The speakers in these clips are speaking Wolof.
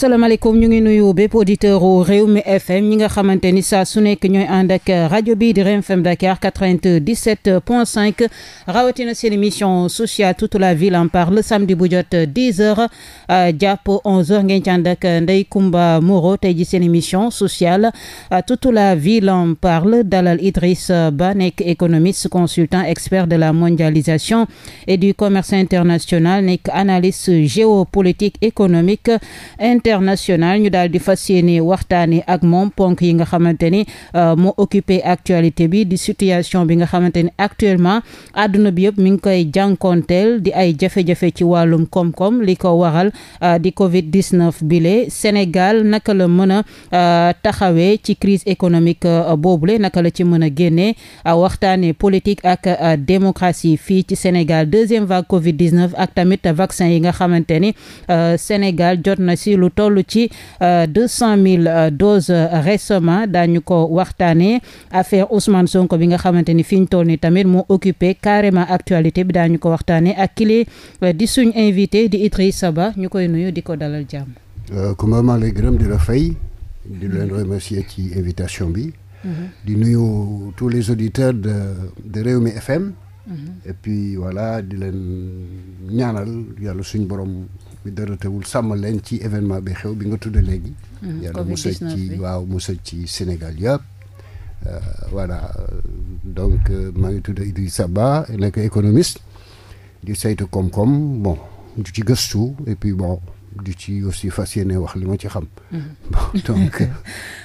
asalaamaaleykum ñu ngi nuyu bépp auditeur u Rewmi FM ñi nga xamante ni saa su nekk ñooy ànd ak rajo bi di Rewmi FM Dakar 97 point 5 rawatina seen émission sociale toute la ville en parle samedi bu jot 10 heures euh, jàpp 11 heures ngeen ci ànd ak Ndeye Comba Moreau tey ji seen émission sociale euh, toute la ville en parle dalal Idriss Ba nekk économiste consultant expert de la mondialisation et du commerce international nekk analyste géopolitique économique inter international ñu daal di fas yéene waxtaanee ak moom ponk yi nga xamante ni euh, moo occupé actualité bi di situation bi nga xamante ni actuellement àdduna bi yëpp mi ngi koy jànkoonteel di ay jafe ci wàllum koom-koom li ko waral euh, di Covid 19 bile Sénégal naka la mën a euh, taxawee ci crise économique boobu le naka la ci mën a génnee waxtaanee politique ak démocratie fii ci Sénégal deuxième vague Covid 19 ak tamit vaccin yi nga xamante ni Sénégal jot na si lu toll ci euh, deux cent mille euh, doses euh, récemment daañu ko waxtaanee affaire Ousmane Sonko bi nga xamante ni fi ñu toll ni tamit moo occupé carrément actualité bi daañu ko waxtaanee ak kile di suñ invité di Idrissa Ba ñu koy nuyu di ko dalal jàmm. Kumba ma lay gërëm di la fay. di leen remercier ci invitation bi. Mhm. di nuyu tous les auditeurs de de Rewmi FM. Mhm. et puis voilà di la ñaanal yàlla suñ borom bi dara wul sàmm leen ci événement bi xew bi nga tudde léegi. Mm-hmm. yàlla musal ci waaw musal ci Sénégal yëpp. Euh, voilà donc euh, maa ngi tudd Idrissa Ba nekk économiste di saytu koom-koom bon du ci gëstu et puis bon du ci aussi fas yéene wax li ma ci xam. Mm-hmm. donc.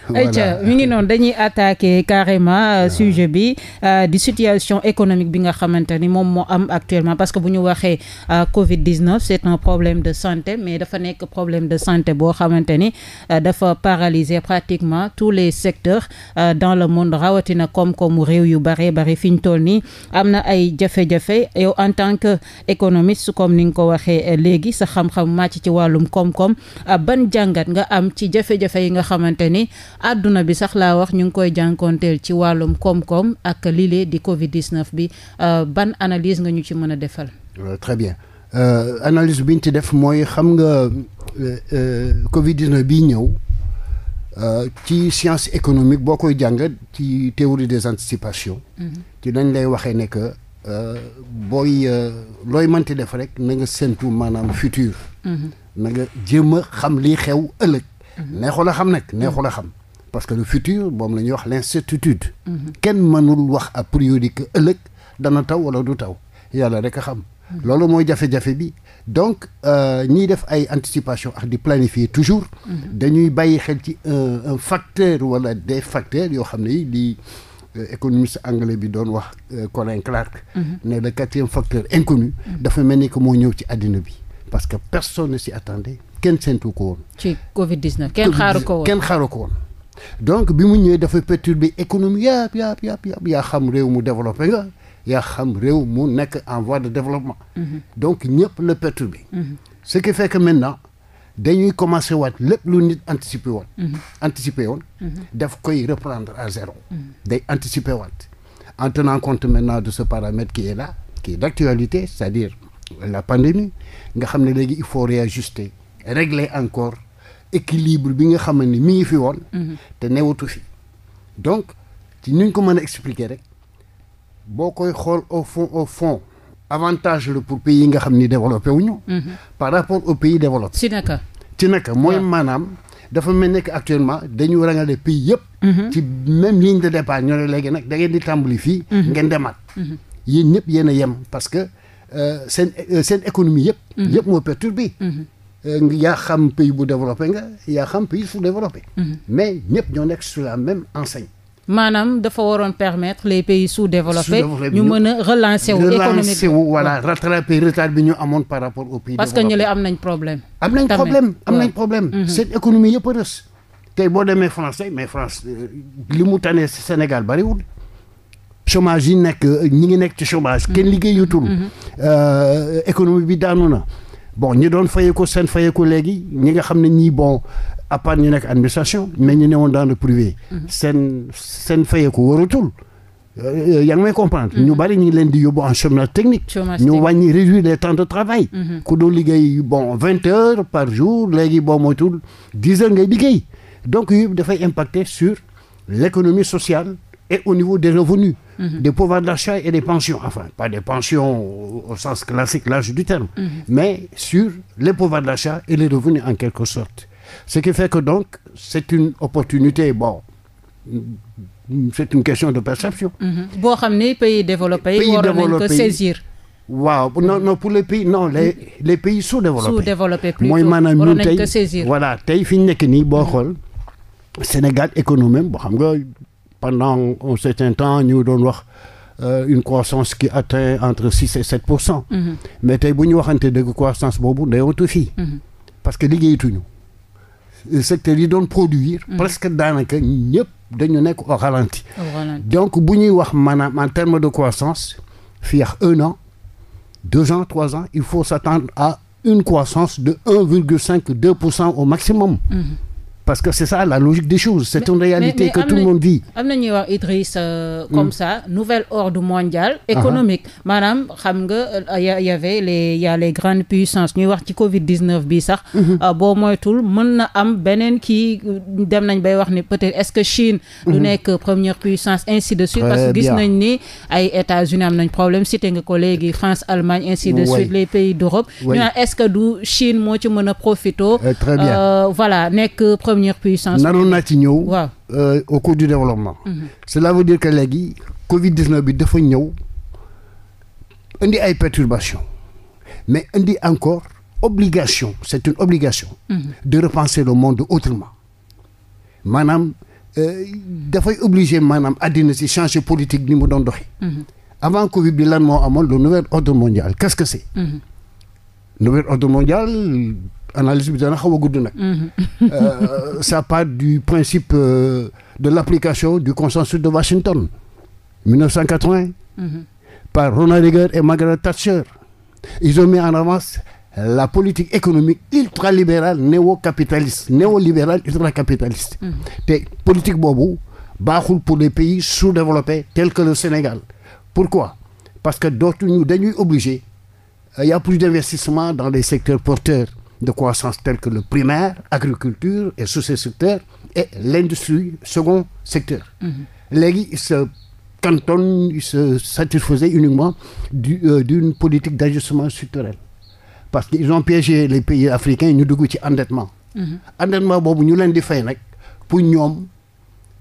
voilà mi ngi noonu dañuy attaqué carrément euh, sujet bi euh, di situation économique bi nga xamante ni moom moo am actuellement parce que bu ñu waxee euh, Covid 19 c' est un problème de santé mais dafa nekk problème de santé boo xamante ni dafa paralyser pratiquement tous les secteurs dans le monde rawatina koom-koomu réew yu bare bare fi ñu toll nii am na ay jafe-jafe yow en tant que économiste comme ni nga ko waxee léegi sa xam-xam màcc ci wàllum koom-koom ban jàngat nga am ci jafe yi nga xamante àdduna bi sax laa wax ñu ngi koy jànkonteel ci wàllum koom-koom ak lile di Covid 19 bi euh, ban analise nga ñu ci mën a defal. Euh, très bien euh, analyse bi ñu ci def mooy xam nga Covid 19 bii ñëw. ci science économique boo koy jàng ci théorie des anticipations mhm. ci dañ lay waxee ne que booy looy mënti def rek na nga séntu maanaam futur mhm. na nga xam lii xew ëllëg mhm. neexul a xam nag neexul a xam parce que le futur moom la ñuy wax l'incertitude mhm. kenn mënul wax a priori que ëllëg dana taw wala du taw yàlla rek a xam mhm. loolu mooy jafe-jafe bi donc euh, ñiy def ay anticipation ak di planifier toujours mhm. dañuy bàyyi xel ci un facteur wala de facteurs yoo xam ne yi di euh, économiste anglais bi doon wax euh, Colin Clark ne le quatrième facteur inconnu dafa mel ni que moo ñëw ci àddina bi parce que personne si s'y attendait kenn séntu ko woon ci Covid 19 kenn xaaru ko kenn xaaru donc bi mu ñëwee dafa perturber économie yàpp yàpp yàpp yaa xam réew mu développé nga yaa xam réew mu nekk en voie de développement mhm. donc ñëpp la perturber mhm. ce qui fait que maintenant dañuy commencé waat lépp lu nit anticiper woon mhm. anticiper woon daf koy reprendre à zéro day anticiper waat en tenant compte maintenant de ce paramètre qui est là qui d'actualité c'est-à-dire la pandémie nga xam ne léegi il faut réajuster régler encore équilibre bi nga xam ni mu ngi fi woon. Mhm. te newatu fi. donc ci ni ñu ko mën a expliquer rek boo koy xool au fond au fond avantage la pour pays yi nga xam ni développé wu ñu. Mhm. par rapport aux pays développés. ci naka ci naka mooy maanaam. dafa mel ni que actuellement dañu rangale pays yëpp. Mhm. ci même ligne de départ ñoo ne di tàmbali fii. ngeen demaat. yéen ñëpp yéen a yem parce que euh, seen euh, seen économie yëpp. yëpp moo perturbé. Euh, yaa xam pays bu développé nga yaa xam pays su développé mhm. mais ñëpp ñoo nekk sur la même enseigne. maanaam dafa waroon permettre les pays sous-développés. ñu mën a relancer wu économie bi voilà rattraper bi ñu amoon par rapport aux pays. parce que ñu am nañ problème. am nañ problème am nañ problème. Mhm. seen économie yëpp a rës. tey boo demee France tey mais France euh, li mu tane Sénégal bariwul. chômage yi nekk ñi ngi nekk ci chômage. Mhm. kenn liggéeyutul. Euh, économie bi daanu na. bon ñi doon ko seen fayeeku léegi ñi nga xam ne ñii bon à part nekk administration mais ñu newoon dans le privé. Mhm. seen seen fayeeku waratul. Euh, yaa ngi may comprendre. Mhm. ñu bari ñu leen di yóbbu en chômage technique. ñu wàññi réduire les temps de travail. Mhm. ku doon liggéey bon vingt heures par jour léegi boo moytuwul dix heures ngay liggéey donc yooyu dafay impacter sur l' économie sociale. et au niveau des revenus, mmh. des pouvoirs d'achat et des pensions. Enfin, pas des pensions au, sens classique, large du terme, mhm. mais sur les pouvoirs d'achat et les revenus en quelque sorte. Ce qui fait que donc, c'est une opportunité, bon, c'est de perception. Mhm. boo xam ne pays développé yi. waroon nañ ko saisir. waaw non mhm. non pour les pays non les pays sous-développés. sous-développés voilà tey fi ñu nekk nii boo xool Sénégal économie boo xam pendant un certain temps ñu doon wax euh, une croissance qui atteint entre six et sept pour cent. Mm-hmm. mais tey bu ñu waxante dëgg croissance boobu ndeyootu fii. Mm-hmm. parce que liggéeyatuñu. Euh, secteur yi doon produire. Mm-hmm. presque daanaka ñëpp dañu nekk au ralenti. donc bu ñuy wax maanaam en terme de croissance fii ak un an deux ans trois ans il faut s'attendre à une croissance de cinq deux pour cent au maximum. parce que c'est ça la logique des choses c'est une réalité que tout le monde vit am na ñuy wax Idriss euh, comme mm. ça nouvel ordre mondial économique maanaam xam nga euh, y avait les y a les grandes puissances ñuy wax ci Covid 19 bi sax mhm. euh, boo moytul mën na am beneen kii dem nañ bay wax ni peut-être est-ce que Chine du mhm. nekk première puissance ainsi de suite parce que gis nañ ni ay États-Unis am nañ problème te nga ko léegi France Allemagne ainsi de suite les pays d'Europe ñu première puissance. naroon naa ci ñëw. waaw euh, au cours du développement. Mhm. cela veut dire que léegi Covid bi dafa ñëw indi ay perturbations mais indi encore obligation c'est une obligation. Mhm. de repenser le monde autrement maanaam. Euh, dafay obligé maanaam àddina si changer politique ni mu doon doxee. Mhm. avant Covid bi lan moo amoon le nouvel ordre mondial qu'est-ce que c'est. Mm ordre mondial analyse bi dana xaw a gudd nag. Mm-hmm. Euh, ça part du principe euh, de l'application du consensus de Washington 1980. Mm -hmm. par Ronald Reagan et Margaret Thatcher. ils ont mis en avance la politique économique ultralibérale néo-capitaliste néolibérale ultracapitaliste. Mm -hmm. politique boobu baaxul pour les pays sous-développés tels que le Sénégal. pourquoi parce que dootuñu dañuy obligé il euh, y a plus d'investissement dans les secteurs porteurs. de croissance tels que le primaire, agriculture et sous ces secteurs, et l'industrie, second secteur. Mm -hmm. se cantonnent, ils se satisfaisaient uniquement d'une du, euh, politique d'ajustement structurel. Parce qu'ils ont piégé les pays africains ñu dugg ci endettement. Mhm. endettement boobu ñu leen di fay nag pour ñoom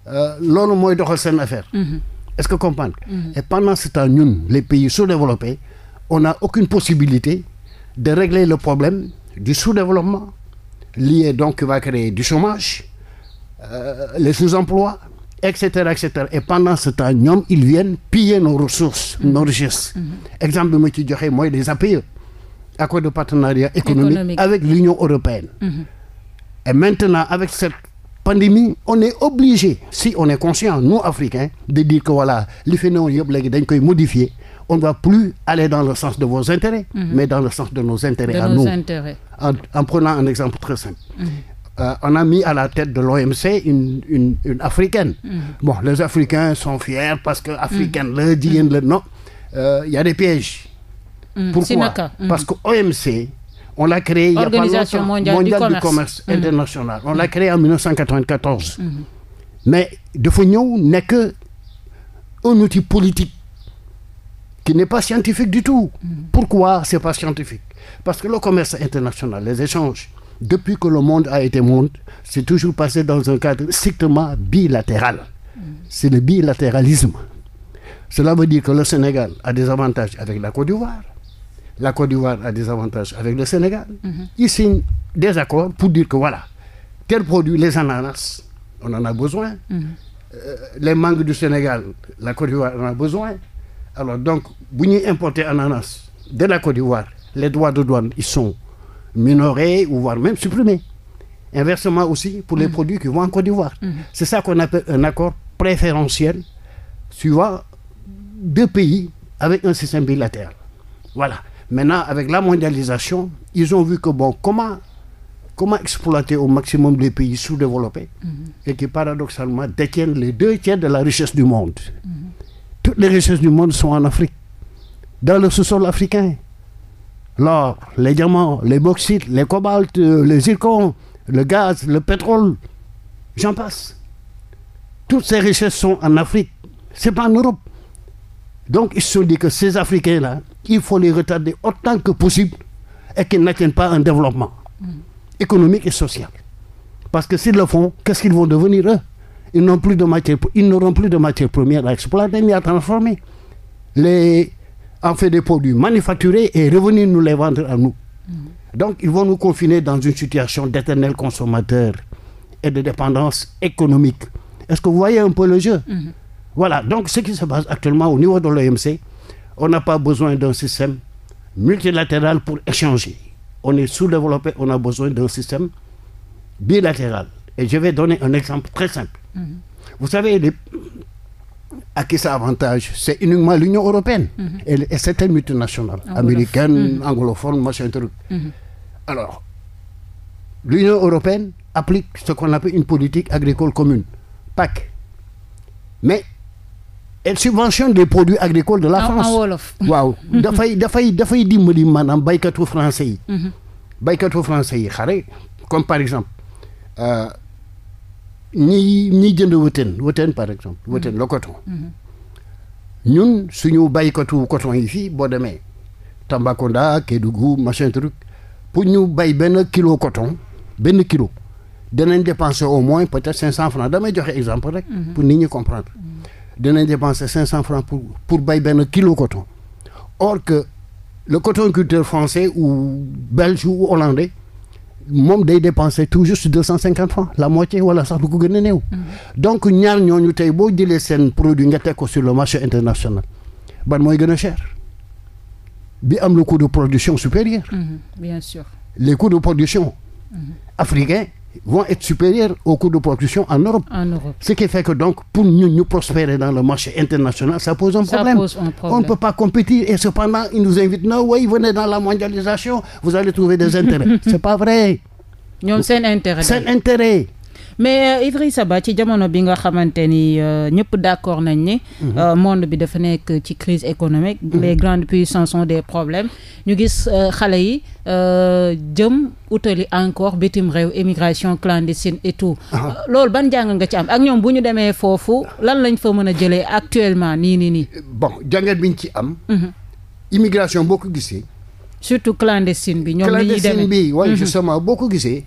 euh, loolu mooy doxal seen affaire. Mhm. est-ce que comprendre mhm. et pendant ce temps ñun les pays sous-développés on n'a aucune possibilité de régler le problème du sous-développement lié donc qui va créer du chômage euh, les sous-emplois etc etc et pendant ce temps ñoom ils viennent piller nos ressources mmh. nos richesses mm-hmm. exemple bi ma ci joxe mooy des APE accord de partenariat économique, économique. avec l'Union européenne mmh. et maintenant avec cette pandémie on est obligé si on est conscient nous Africains de dire que voilà li fi newoon yëpp léegi dañ koy modifier on ne va plus aller dans le sens de vos intérêts, mhm. mais dans le sens de nos intérêts à nous. En, prenant un exemple très simple. Mhm. Euh, on a mis à la tête de l'OMC une, africaine. Mhm. les Africains sont fiers parce que africaine, non. Il euh, a des pièges. Parce que OMC, on l'a créé il y a pas longtemps. commerce, international. On l'a créé en Mais de Fognon n'est que un outil politique qui n'est pas scientifique du tout. Pourquoi c'est pas scientifique Parce que le commerce international, les échanges, depuis que le monde a été monde, c'est toujours passé dans un cadre strictement bilatéral. C'est le bilatéralisme. Cela veut dire que le Sénégal a des avantages avec la Côte d'Ivoire. La Côte d'Ivoire a des avantages avec le Sénégal. Mm -hmm. Ils signent des accords pour dire que voilà, tel produit, les ananas, on en a besoin. Mm -hmm. euh, les mangues du Sénégal, la Côte d'Ivoire en a besoin. alors donc bu ñuy importer ananas de la Côte d'Ivoire les droits de douane ils sont minorés ou voire même supprimés inversement aussi pour les mmh. produits qui vont en Côte d'Ivoire mm-hmm. c'est ça qu'on appelle un accord préférentiel suivant deux pays avec un système bilatéral voilà maintenant avec la mondialisation ils ont vu que bon comment comment exploiter au maximum les pays sous-développés mm-hmm. et qui paradoxalement détiennent les deux tiers de la richesse du monde mm-hmm. toutes les richesses du monde sont en Afrique, dans le sous-sol africain. L'or, les diamants, les bauxites, les cobaltes, euh, les zircons, le gaz, le pétrole, j'en passe. Toutes ces richesses sont en Afrique, c'est pas en Europe. Donc ils se disent que ces Africains-là, il faut les retarder autant que possible et qu'ils n'atteignent pas un développement mm. économique et social. Parce que s'ils le font, qu'est-ce qu'ils vont devenir ils n'ont plus de matière, ils n'auront plus de matières premières à exploiter ni à transformer. Les en fait des produits manufacturés et revenir nous les vendre à nous. Mm-hmm. Donc ils vont nous confiner dans une situation d'éternel consommateur et de dépendance économique. Est-ce que vous voyez un peu le jeu mmh. Voilà, donc ce qui se passe actuellement au niveau de l'OMC, on n'a pas besoin d'un système multilatéral pour échanger. On est sous-développé, on a besoin d'un système bilatéral. Et je Mmh. Vous savez, les... à qui ça avantage C'est uniquement l'Union européenne mmh. et, et, certaines multinationales, américaines, mm-hmm. anglophones, machin truc. Mm-hmm. Alors, l'Union européenne applique ce qu'on appelle une politique agricole commune, PAC. Mais elle subventionne des produits agricoles de la en, France. wolof waaw dafay dafay dafay dimbali maanaam béykatu français yi. Mm-hmm. béykatu français yi comme par exemple. Euh, ñi ñiy jënd wëteen wëteen par exemple. wëteen mm-hmm. le coton. Mm-hmm. ñun suñu baykatu coton yi fii boo demee Tambacounda Kédougou machin truc pour ñu bay benn kilo coton benn kilo danañ dépenser au moins peut-être cinq cent francs damay joxe exemple rek. Mm-hmm. pour nit ñi comprendre. danañ dépenser cinq cent francs pour bay benn kilo koton or que le coton culteur français ou belge ou hollandais. moom day dépenser tout juste deux cent cinquante francs la moitié wala sax lu ko gën a néew. Mm-hmm. donc ñaar ñooñu tey boo jëlee seen produit nga teg ko sur le marché international ban mooy gën a cher bi am le coût de production supérieur. Mmh, bien les coûts de production. Mmh. vont être supérieurs aux coûts de production en Europe. Ce qui fait que donc, pour nous, nous prospérer dans le marché international, ça pose un, problème. On ne peut pas compétir et cependant, ils nous invitent, non, venez dans la mondialisation, vous allez trouver des intérêts. C'est pas vrai. Ñoom seen intérêt. Seen intérêt. mais euh, Idrissa Ba ci jamono bi nga xamante ni euh, ñëpp d'accord nañ ni. Mhm. Euh, monde bi dafa nekk ci crise économique. Mhm. les grandes puissances ont des problèmes ñu gis xale yi jëm utali encore bitim réew immigration clandestine et tout. Ah. loolu ban jàng nga ci am ak ñoom bu ñu demee foofu lan lañ fa mën a jëlee actuellement nii nii nii. bon jàngat bi ñu ci am. Mhm. immigration boo ko gisee. surtout clandestine bi ñoom ni ñuy demee clandestine boo ko gisee.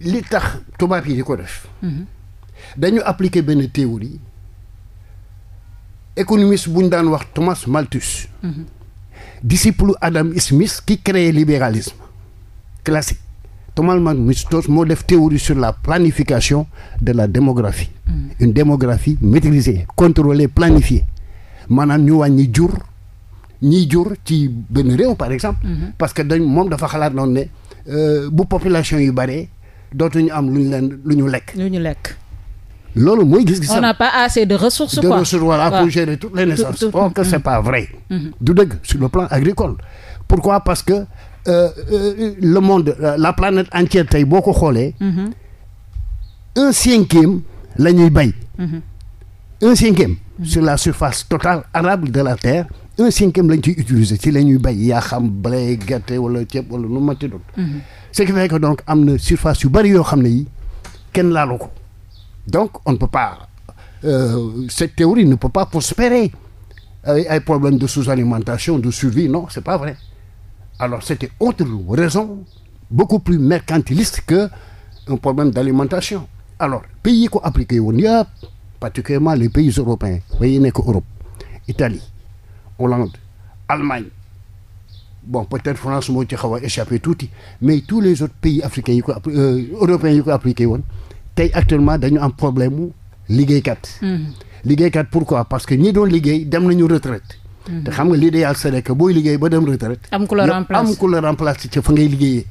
li tax tubaab yi di ko def. Mhm. dañu appliquer benn théorie économiste bu ñu daan wax Thomas Malthus. Mhm. disciple Adam Smith qui crée libéralisme classique Thomas Malthus moo def théorie sur la planification de la démographie. Mmh. une démographie maîtrisée contrôlée planifiée maanaam ñu wàññi jur ñi jur ci benn réew par exemple. Mhm. parce que dañ moom dafa xalaat noonu ne euh, bu population yu bare. dootuñu am lu ñu leen lu ñu lekk. lu ñu lekk. loolu mooy gis-gisam on n'a pas assez de ressources de quoi de ressources voilà pour gérer toutes les naissances. or oh, que c'est mm-hmm. pas vrai. Mm-hmm. du dëgg sur le plan agricole. pourquoi parce que euh, euh, le monde la planète entière tey boo ko xoolee. Mm-hmm. un cinquième la ñuy bay. un cinquième. sur la surface totale arable de la terre. un cinquième lañ ciy utiliser ci la ñuy bay yaa xam blé gerte wala ceeb wala nu ma ce qui fait que donc am na surface yu bëri yoo xam ne yi kenn laalu ko donc on ne peut pas euh, cette théorie ne peut pas prospérer ay problème de sous-alimentation de survie non c'est pas vrai alors c'était autre raison beaucoup plus mercantiliste que un problème d'alimentation alors pays yi ko appliqué woon yëpp particulièrement les pays européens pays yi nekk Europe Italie Hollande Allemagne bon peut-être France moo ci xaw a échappé tuuti mais tous les autres pays africains yi ko euh, européens yi ko appliqué woon tey actuellement dañu am problème mu liggéeykat. Hmm. liggéeykat pourquoi parce que ñi doon liggéey dem nañu retraite. Hmm. te xam nga l'idéal c'est que booy liggéey ba dem retraite. am ku la remplace am ku la remplace ci fa ngay liggéeyee.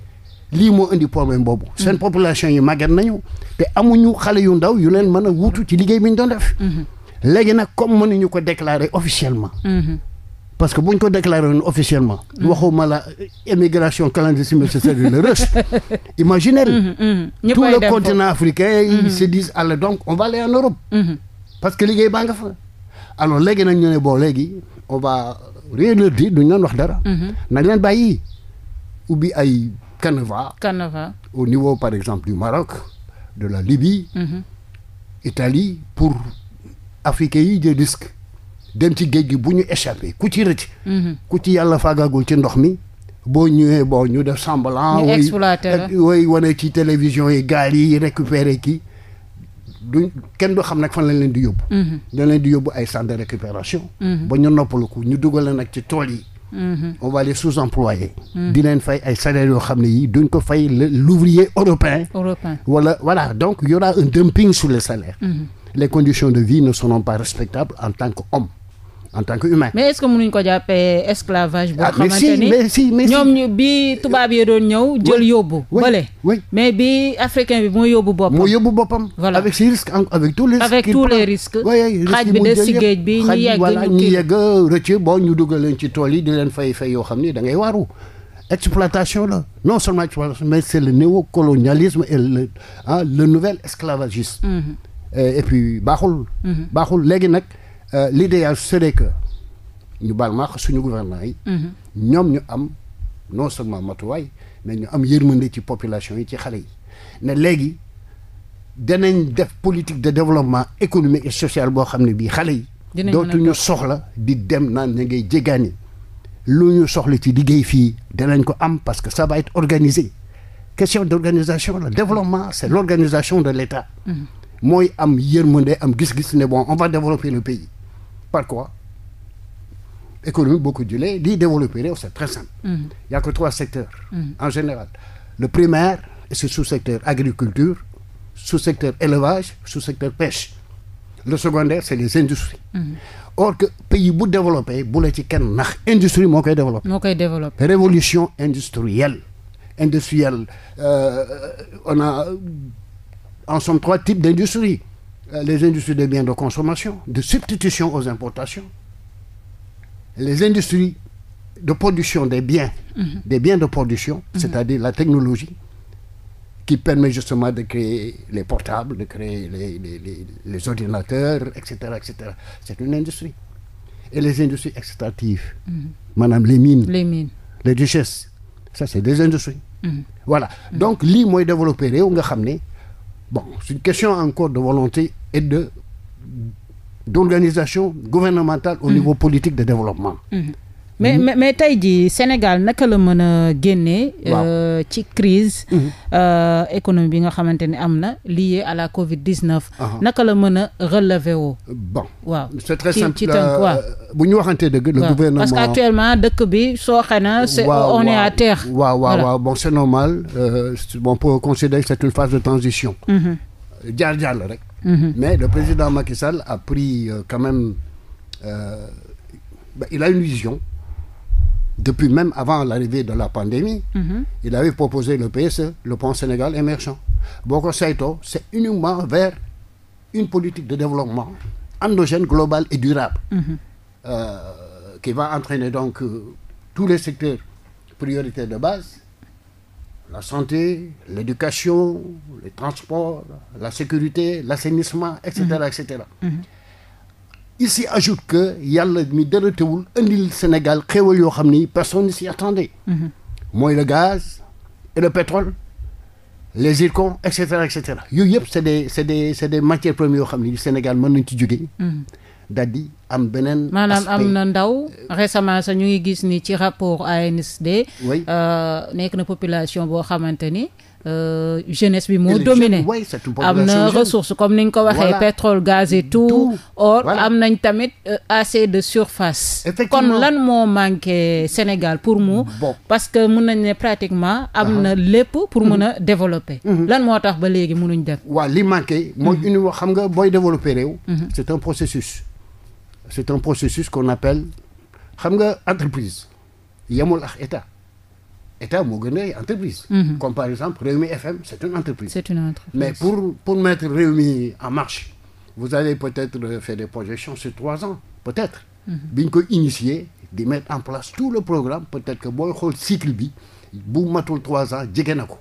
lii moo indi problème boobu. Hmm. seen population yi màgget nañu. te amuñu xale yu ndaw yu leen mën a wuutu ci liggéey bi ñu doon def. léegi nag comme mënuñu ko déclarer officiellement. parce que bu ñu ko déclaré woon officiellement. Mm-hmm. waxuma la émigration clandestine ce serait le rush. imaginez. Mm-hmm, mm-hmm. ñëpp tout le continent africain. ils se disent donc on va aller en Europe. parce que liggéey baa nga fa. alors léegi nag ñu ne bon léegi on va rien leur dire duñu leen wax dara. nañ leen bàyyi ubbi ay canevas. canevas au niveau par exemple du Maroc de la Libye. Italie pour africains yi jël dem ci géej gi bu ñu échappé ku ci rëcc. Mhm. ku ci yàlla faagaagul ci ndox mi. boo ñëwee bon ñu def semblant. ñu exploité la way wane ci télévision yi gaal yi récupéré ki du kenn du xam nag fan lañ leen di yóbbu. Mhm. dañ leen di yóbbu ay centre de récupération. Mhm. ba ñu noppaliku ñu dugal nag ci tool yi. on va les sous-employer. di leen fay ay salaires yoo xam ne yii duñ ko fay l'ouvrier européen. européen wala voilà donc y aura un dumping sur les conditions de vie ne seront pas respectables en tant qu'homme. en tant que humain. mais ko jàppee esclavage. boo ah, xamante ni mais si mais si ñoom ñu bi tubaab yi doon ñëw. jël yóbbu bële. mais bi africain bi moo yóbbu boppam. moo yóbbu boppam. voilà avec ses risques avec tous les. risques avec tous les risques. xaaj bi des si géej bi ñu yegg rëcc bon ñu dugal leen ci tool yi di leen fay fay yoo xam ni da ngay waaru. exploitation la non seulement exploitation mais c'est le néocolonialisme et le ah le nouvel esclavagisme. Mm-hmm. et puis baaxul. Mm-hmm. baaxul léegi nag. Euh, l'idéal serait que ñu baal ma suñu gouvernement yi. Mhm. ñoom ñu am non seulement matuwaay mais ñu am yërmande ci population yi ci xale yi ne léegi danañ def politique de développement économique et social boo xam ne bii xale yi. dootuñu soxla di dem naan ñu ngay jéggaani lu ñu soxla ci liggéey fii danañ ko am parce que ça va être organisé question d'organisation la développement c'est l'organisation de l'État. Mhm. mooy am yërmande am gis-gis ne bon on va développer le pays. par quoi économique boo ko jëlee lii développé réew oh, c'est très simple mm. y a que trois secteurs mm. en général le primaire et ce sous-secteur agriculture sous-secteur élevage sous-secteur pêche le secondaire c'est les industries mm. or que pays bu développé bu la ci kenn nax industrie moo koy développé moo koy développé révolution industrielle industrielle euh, on a en somme trois types d'industries Euh, les industries des biens de consommation, de substitution aux importations, les industries de production des biens, mm des biens de production, mhm. c'est-à-dire la technologie qui permet justement de créer les portables, de créer les, les, les, les ordinateurs, etc. etc. C'est une industrie. Et les industries extractives, mm maanaam les mines, les mines, les richesses, c'est des industries. Mhm. voilà mhm. donc lii mooy développé réew nga xam ne Bon, c'est une question encore de volonté et de d'organisation gouvernementale au mmh. niveau politique de développement. Mmh. mais hmm. mais mais tey jii Sénégal naka la mën a génnee. Euh, ci crise hmm. euh, économie bi nga xamante ne am na lié à la Covid 19. naka la mën a relever woo. bon waaw c'est très simple euh, bu ñu waxantee dëgg le gouvernement parce que actuellement dëkk bi sooxe na. waaw on est à terre. waaw waaw waaw bon c'est normal on peut considérer c'est une phase de transition. Mm-hmm. jaar jaar la rek. Mm-hmm. mais le président Macky a pris quand même il a une vision. depuis même avant l'arrivée de la pandémie mm -hmm. il avait proposé le PSE le plan Sénégal émergent boo ko c'est uniquement vers une politique de développement endogène globale et durable mm -hmm. qui va entraîner donc euh, tous les secteurs prioritaires de base la santé l'éducation les transports la sécurité l'assainissement etc mm -hmm. etc il s'y ajoute que yàlla mi dara teewul indil Sénégal xéewal yoo xam ni personne si s'y attendait mhm. mooy le gaz et le pétrole les zircons et cetera et cetera yooyu yëpp c'est des c'est des c'est des matières premières yoo xam ni Sénégal mën nañ ci jóge mhm. daal am beneen maanaam am na ndaw récemment sax ñu ngi gis ni ci rapport ANSD euh, nekk na population boo xamante ni Euh, jeunesse bi moo dominé am na ressource comme ni nga ko waxee pétrole gaz et tout or am nañ tamit euh, assez de surface kon lan moo manqué Sénégal pour mu parce que mun nañ ne pratiquement am na uh-huh. lépp pour mën a uh-huh. développer uh-huh. lan moo tax ba léegi munuñ dem waaw li manqué mooy une xam nga booy développer réew c'est un processus c'est un processus qu'on appelle xam nga entreprise yemul ak état état moo gën ay entreprise mhm. comme par exemple Rewmi FM c'est une entreprise c'est une entreprise mais pour pour mettre Rewmi en marche vous allez peut-être faire des projections sur trois ans peut-être mhm. bi ñu ko initier di mettre en place tout le programme peut-être que booy xool cycle bi bu matul trois ans jege na ko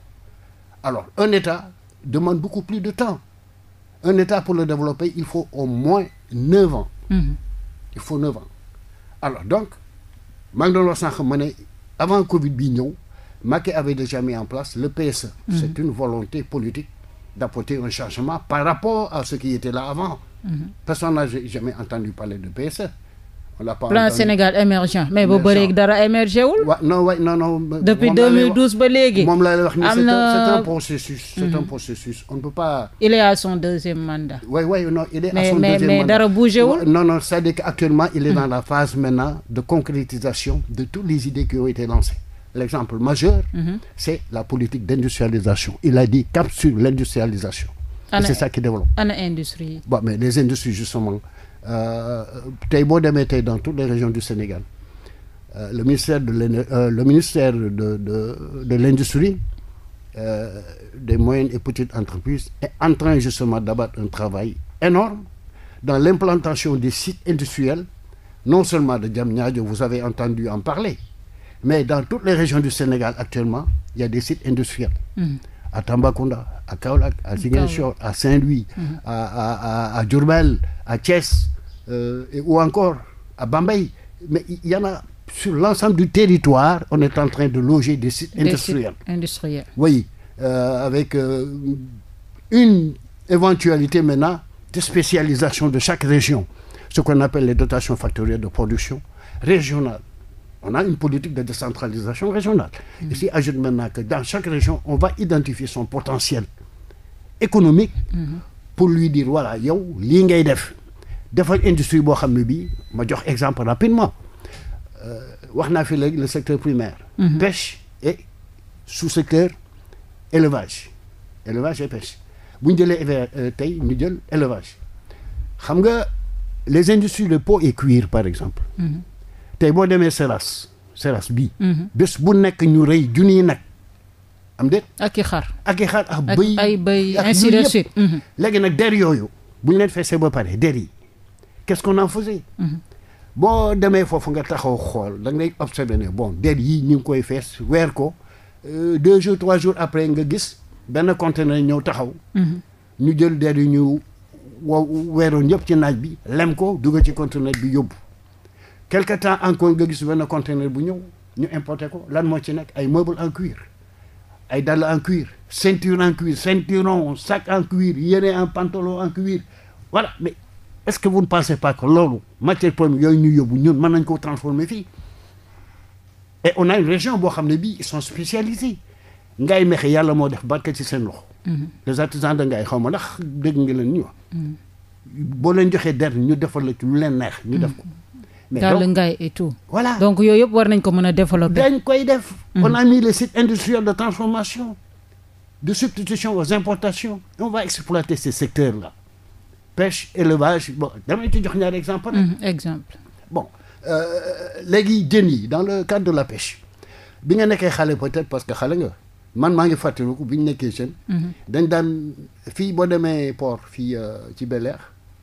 alors un état demande beaucoup plus de temps un état pour le développer il faut au moins neuf ans mm -hmm. il faut neuf ans alors donc maa ngi doon wax ma ne avant Covid bi ñëw Macky avait déjà mis en place le PSE. Mhm. C'est une volonté politique d'apporter un changement par rapport à ce qui était là avant. Mmh. Personne n'a de PSE. On l'a pas plan entendu. Sénégal émergent mais boobu ba léegi dara émergé wul. wa non wa non depuis 2012 ba léegi. moom la wax c'est un mhm. processus. on ne peut pas. il est à son deuxième mandat. oui oui non il est à son deuxième mandat mais mais dara bougé wul. non non c'est-à-dire qu'actuellement mhm. de concrétisation de toutes les idées qui ont été lancées. l'exemple majeur, mm -hmm. la politique d'industrialisation. Il a dit cap sur l'industrialisation. C'est ça qui développe. En industrie. Bon, mais les industries, justement. Euh, tey boo demee tey dans toutes les régions du Sénégal euh, le ministère de l euh, le ministère de de de l'industrie euh, des moyennes et petites entreprises est en train justement d'abattre un travail énorme dans l'implantation des sites industriels non seulement de Diamniadio vous avez entendu en parler mais dans toutes les régions du Sénégal actuellement il y a des sites industriels mmh. à Tambacounda à Kaolack à Ziguinchor à Saint-Louis mmh. à à à Diourbel à Thiès euh, ou encore à Bambey mais il y en a sur l'ensemble du territoire on est en train de loger des sites des industriels sites industriels oui euh, avec euh, une éventualité maintenant de spécialisation de chaque région ce qu'on appelle les dotations factorielles de production régionale on a une politique de décentralisation régionale. Mmh. Et si ajoute maintenant que dans chaque région, on va identifier son potentiel économique mmh. pour lui dire voilà yow lii ngay def defal industrie boo xam ne bii ma jox exemple rapidement euh, wax naa fi léegi le secteur primaire. Mmh. pêche et sous-secteur élevage élevage et pêche bu ñu jëlee euh, tey ñu jël élevage xam nga les industries de peau et cuir par exemple. Mm-hmm. tey boo demee Seras Seras bi mhm. bés bu nekk ñu rey yi nag. am déet ak i xar ak i xar ak bëy ay bëy ainsi de mhm. léegi nag der yooyu bu ñu leen feesee ba pare der yi qu'est-ce qu'on en mhm. boo demee foofu nga taxaw xool da ngay observé ne bon yi ñu ngi koy fees weer ko euh, deux jour trois jours après nga gis benn conteneur ñëw taxaw ñu jël der yi ñu wow weeroon yëpp ci naaj bi lem ko dugal ci conteneur bi yóbbu quelque temps encore nga gis benn conteneur bu ñëw ñu importé ko lan moo ci nekk ay meuble en cuir ay dàll en cuir ceinture en cuir ceinturon sac en cuir yére en pantalon en cuir voilà mais est-ce que vous ne pensez pas que loolu matière première yooyu ñu yóbbu ñu mën nañ ko transformer fii et on a une région boo xam ne bii ils sont spécialisés ngay Mékhé yàlla moo def barke ci seen loxo mhm. les artisans de xaw ma ndax dégg nga leen ñu wax mhm. boo leen joxee der ñu def ko mhm. mais donc Ngaye et voilà donc yooyu yëpp war nañ ko mën a développer. dañ koy def. Mhm. on a mis le sites industriels de transformation de substitution aux importations on va exploiter ces secteurs là pêche élevage bon damay jox ñaar exemple mhm, exemple bon euh, léegi jën yi dans le cadre de la pêche bi nga nekkee xale peut-être parce que xale nga man maa ngi fàttaliku bi ñu nekkee jeune. Mhm. dañ daan fii boo demee port fii euh, ci Bel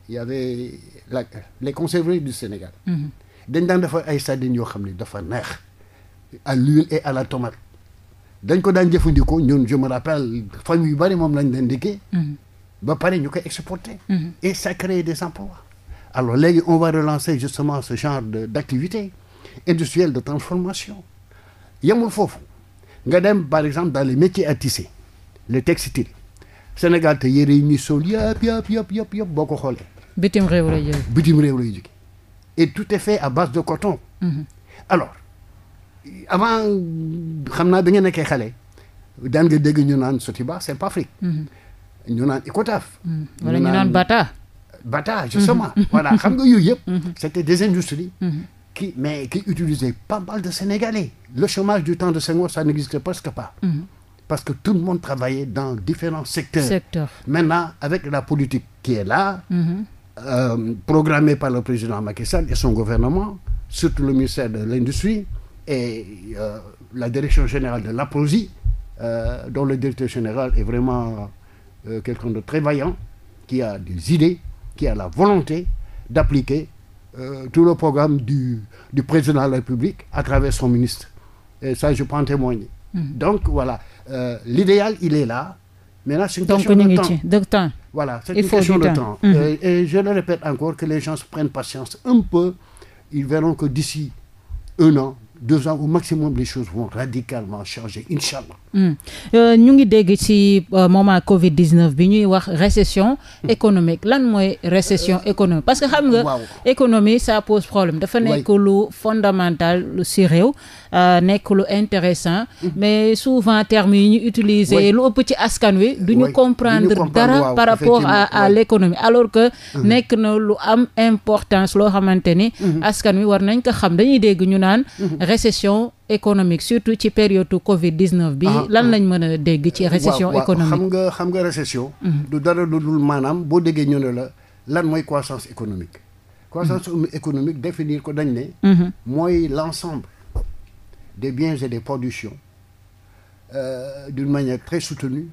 il la les conserveries du Sénégal. Mhm. dañ daan defar ay sardines yoo xam ne dafa neex. à l'huile et à la tomate. dañ ko daan jëfandikoo ñun je me rappelle famille yu bari moom lañ leen dikkee. Mhm. ba pare ñu ko exporter. Mhm. et ça des emplois. alors léegi on va relancer justement ce genre de d'activité industrielle de transformation yemul foofu nga dem par exemple dans les métiers à tisser les textiles Sénégal te yére yi ñuy sol yëpp yëpp yëpp yëpp yëpp boo ko xoolee. bitim réew lay jóge bitim réew lay jóge et tout est fait à base de coton mmh. alors avant xam naa bi nga nekkee xale daan nga dégg ñu naan Sotiba Simpafric mhm. ñu naan Icotaf mhm. wala ñu naan Bata Bata justement mhm. voilà xam nga yooyu yëpp c'était des industries qui mais qui utilisaient pas mal de Sénégalais le chômage du temps de Senghor ça n'existait presque pas parce que tout le monde travaillait dans différents secteurs maintenant avec la politique qui est là euh, programmée par le président Macky Sall et son gouvernement, surtout le ministère de l'Industrie et euh, la direction générale de l'APROSI, euh, dont le directeur général est vraiment euh, quelqu'un de très vaillant, qui a des idées, qui a la volonté d'appliquer tout le programme du, du, président de la République à travers son ministre. Et ça, je peux témoigner. Mm-hmm. Donc voilà, l'idéal, il est là. Maintenant, c'est une Donc, Voilà, c'est une question de temps. Mmh. Et, et, je le répète encore, que les gens prennent patience un peu. Ils verront que d'ici un an, deux ans au maximum les choses vont radicalement hmm. euh, ñu ngi dégg ci euh, moment Covid 19 bi ñuy wax récession hmm. économique lan mooy récession euh, économique parce que xam nga. économie ça pose problème. dafa nekk lu fondamental lu si réew. nekk lu intéressant hmm. mais souvent termes yi ñu utiliser. lu ëpp ci askan wi. du ñu comprendre dara par rapport à à économie alors que. nekk na lu am importance loo xamante ni. askan wi war nañ ko xam dañuy dégg ñu naan. récession économique surtout ci période Covid 19 bi. Ah, lan ah. lañ mën a dégg ci récession économique xam nga xam nga récession. Mhm. du dara lu dul maanaam boo déggee ñu ne la lan mooy croissance économique. croissance mhm. économique définir ko dañ ne. Mhm. mooy l' ensemble des biens et des productions euh, d' une manière très soutenue.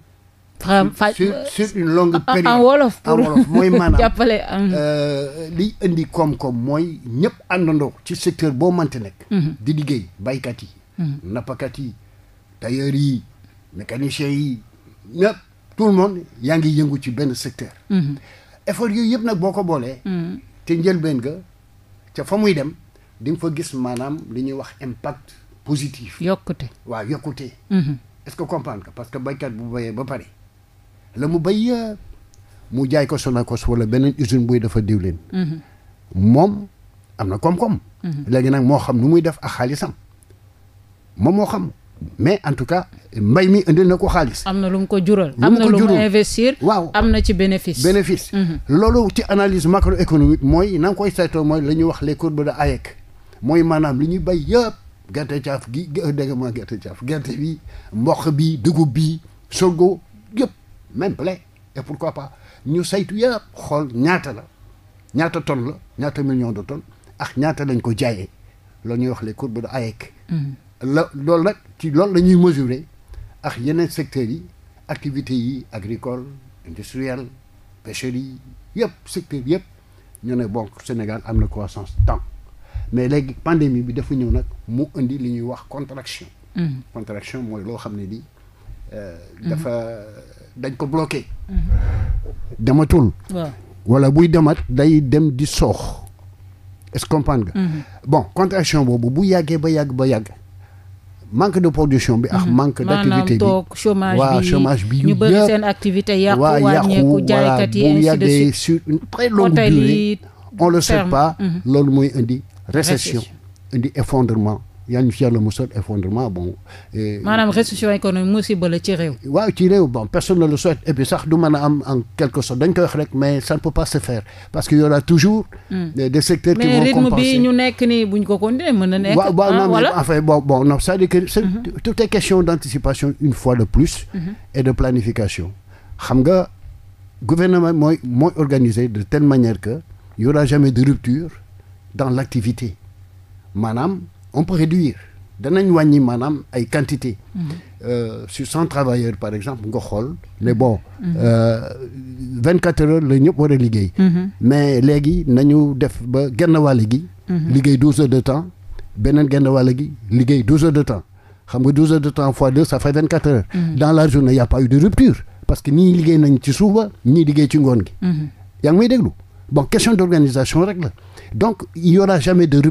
sur une longue période en wolof pour mooy maanaam jàppale euh, liy indi koom-koom mooy ñëpp àndandoo ci secteur boo mënti nekk mhm. di liggéey baykat yi mhm. nappakat yi tailleurs yi mécaniciens yi ñëpp tout le monde yaa ngi yëngu ci benn secteur mhm. effort yooyu yëpp nag boo ko boolee te njëlbeen ga ca fa muy dem di nga fa gis maanaam li ñuy wax impact positif yokkute waaw yokkute est-ce que comprendre nga parce que baykat bu bayee ba pare la mu bay béy mu jaay ko Sonacos wala beneen usine buy dafa diwlin. moom am na koom-koom. léegi nag moo xam nu muy def ak xaalisam moom moo xam. mais en tout cas mbay mi indil na ko xaalis. am na lu mu ko jural. am na lu mu investir waaw am na ci bénéfice. bénéfice. Mhm. loolu ci analyse macroéconomique mooy na koy saytoo mooy la ñuy wax lekkoon ba de Hayek mooy maanaam li ñuy bay yëpp gerte caaf gi dégg nga gerte caaf gerte bi mboq bi dugub bi sorgho même blé et pourquoi pas ñu saytu yëpp xool ñaata la ñaata ton la ñaata million de tonnes ak ñaata lañ ko jaayee loolu ñuy wax les courbes de Hayek. Mm-hmm. la loolu nag ci loolu la ñuy mesurer ak yeneen secteurs yi activités yi agricole industrielle pêcherie yëpp secteur yëpp ñu ne bon Sénégal am na croissance tant mais léegi pandémie bi dafa ñëw nag mu indi li ñuy wax contraction. Mm-hmm. contraction mooy loo xam ne di euh, mm-hmm. dafa. dañ ko bloqué. Mm-hmm. dematul. wala buy demat day dem di soox. est-ce que mm-hmm. bon contraction boobu bu yàggee ba yàgg ba yàgg. manque de production bi ak mm-hmm. manque d'activité bi maanaam toog chômage bi ñu bëri seen yàqu wàññeeku jaaykat yi suite sur une très longue on le sait pas. loolu mooy indi récession indi effondrement. yal ñu ci yàlla musal effondrement bon. maanaam récession économique musiba la ci réew. waaw ci réew bon personne ne le souhaite et puis sax du mën a am en quelque sorte dañ koy wax rek mais ça ne peut pas se faire parce que y aura toujours. Hmm. des, des secteurs mais qui vont compenser mais rythme bi ñu nekk nii bu ñu ko continuer mën na nekk. ah voilà waaw waaw ah, non enfin bon bon non c'est-à-dire que. c'est hmm. tout est question d'anticipation une fois de plus. Hmm. et de planification. xam nga gouvernement mooy mooy organisé de telle manière que y aura jamais de rupture dans l'activité maanaam. on peut réduire danañ wàññi maanaam ay quantité mhm. euh, su cent travailleurs par exemple nga xool mhm. mais bon mhm. euh, vingt quatre heures la ñëpp war a liggéey mais léegi nañu def ba genn wàll gi liggéey douze heures de temps beneen genn wàll gi liggéey douze heures de temps xam nga douze heures de temps fois de ça fait vingt quatre heures dans la journée y a pas eu de rupture parce que ñii liggéey nañ ci suba ñii liggéey ci ngoon gi yaa ngi may déglu bon question d'organisation rek la donc il y aura jamais de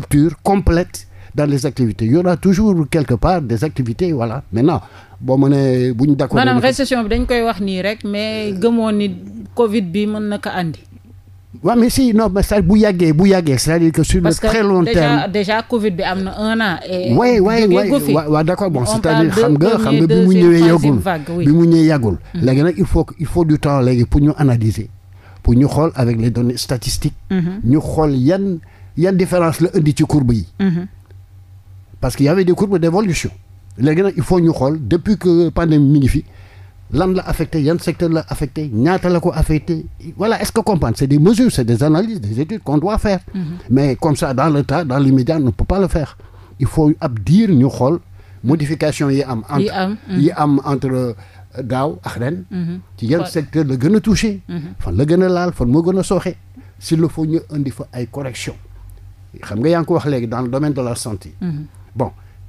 dans les activités il y aura toujours quelque part des activités voilà maintenant boo mënee bu ñu d'accord bi dañ koy wax nii rek mais gëmoon ni Covid bi mën na ko andi. waaw mais si non mais bu yàggee bu yàggee c'est-à-dire parce que déjà déjà Covid bi am na un an. et waay waay waay d'accord bon c'est-à-dire xam nga xam nga bi mu ñëwee yàggul bi mu ñëwee yàggul. léegi nag il faut il faut du temps léegi pour ñu analyser pour ñu xool avec les données statistiques. Mm-hmm. ñu xool yan yan différence la indi ci courbe yi. Mm-hmm. parce qu'il y avait des courbes d'évolution léegi nag il faut ñu xool depuis que pandémie mi ngi fi lan la affecté yan secteur la affecté ñaata la ko affecté voilà est-ce que comprendre c'est des mesures c'est des analyses des études qu'on doit faire mm -hmm. mais comme ça dans le tas dans l'immédiat on ne peut pas le faire il faut ab diir ñu xool modification yi am entre mm-hmm. am entre daaw euh, ak mm-hmm. ci yan secteur la gën a touché mm-hmm. fan la gën a laal fan moo gën a sooxe s'il le faut ñu indi fa ay correction xam nga yaa ngi ko wax léegi dans le domaine de la santé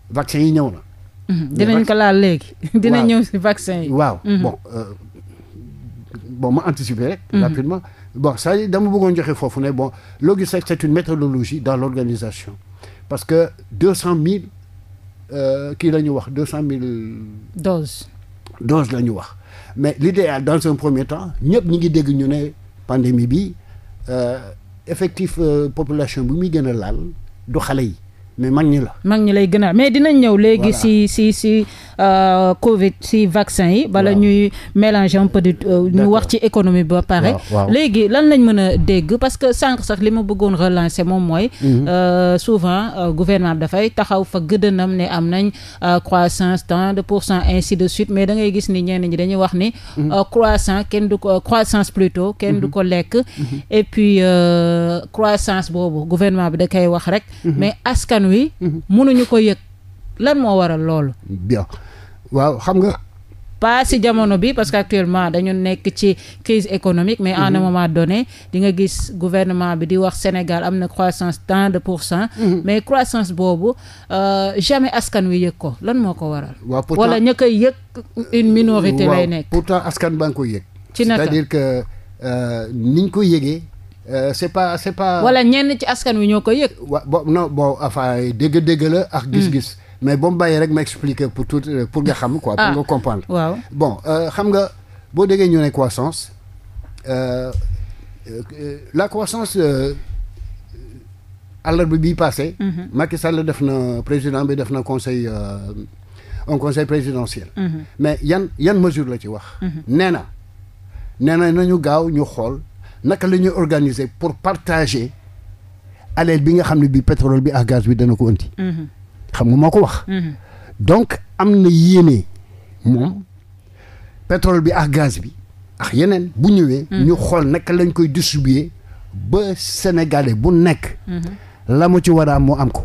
vaccin yi ñëw na. Mhm. dinañ ko laal léegi. dina ñëw si vaccin yi. waaw mhm. bon euh, bon ma anticiper rek. Mhm. rapidement bon ça dama bëggoon joxe foofu ne bon loolu c' est une parce que deux cent mille euh, kii la ñu wax deux cent mille. doses. doses la ñu wax mais l'idéal dans un premier temps ñëpp ñu ngi dégg ñu ne pandémie bi euh, effectif population bi muy gën a laal du xale yi. mais mag ñi la. mag ñi lay gën mais dina ñëw léegi si si si. Euh, Covid si vaccin yi. bala ñuy mélanger un peu de. Euh, ñu wax ci économie ba pare. léegi lan lañ mën a dégg parce que sànq sax li ma bëggoon relancé moom mooy. Mhm. Euh, souvent gouvernement bi dafay taxaw fa gëdënam ne am nañ croissance tant de pour cent ainsi de suite mais da ngay gis ni ñenn ñi dañuy wax ni. Mhm. croissant kenn du ko croissance plutôt kenn du mhm. ko lekk. et puis croissance boobu gouvernement bi da koy wax rek. mais askan wi. mënuñu ko yëg. lan moo waral loolu. bien waaw xam nga. pas si jamono bi parce que actuellement dañu nekk ci crise économique. mais en mhm. un donné di nga gis gouvernement bi di wax Sénégal am na croissance tant de pour cent. Mhm. mais croissance boobu euh, jamais askan wi yëg ko lan moo ko waral. waaw pour wala ña koy yëg une minorité. lay nekk pour pourtant askan baa ngi koy yëg. ci naka cest que euh, ni ñu ko yëgee. Euh, c'est pas c'est pas. wala ñenn ci askan wi ñoo koy yëg. wa bo non bon ak gis-gis. Mm. mais boo mu bàyyee rek ma expliquer pour tout pour nga xam quoi. pour ah. nga comprendre. waaw bon euh, xam nga boo déggee ñoo ne croissance euh, euh, la croissance àllarba bii passé. Mhm. Macky Sall def na président bi def na conseil un conseil présidentiel. Mhm. mais yan yan mesure la ci wax. Mhm. nee na nee na nañu gaaw ñu xool naka lañu ñuy organiser pour partager alal bi nga xam ne bi pétrole bi ak gaz bi dana ko indi. xam nga moo ko wax. Mhm. donc am na yéene moom pétrole bi ak gaz bi ak yeneen bu ñëwee. Mhm. ñu xool naka lañ koy distribuer ba sénégalais bu nekk. Mhm. la mu ci war a am ko.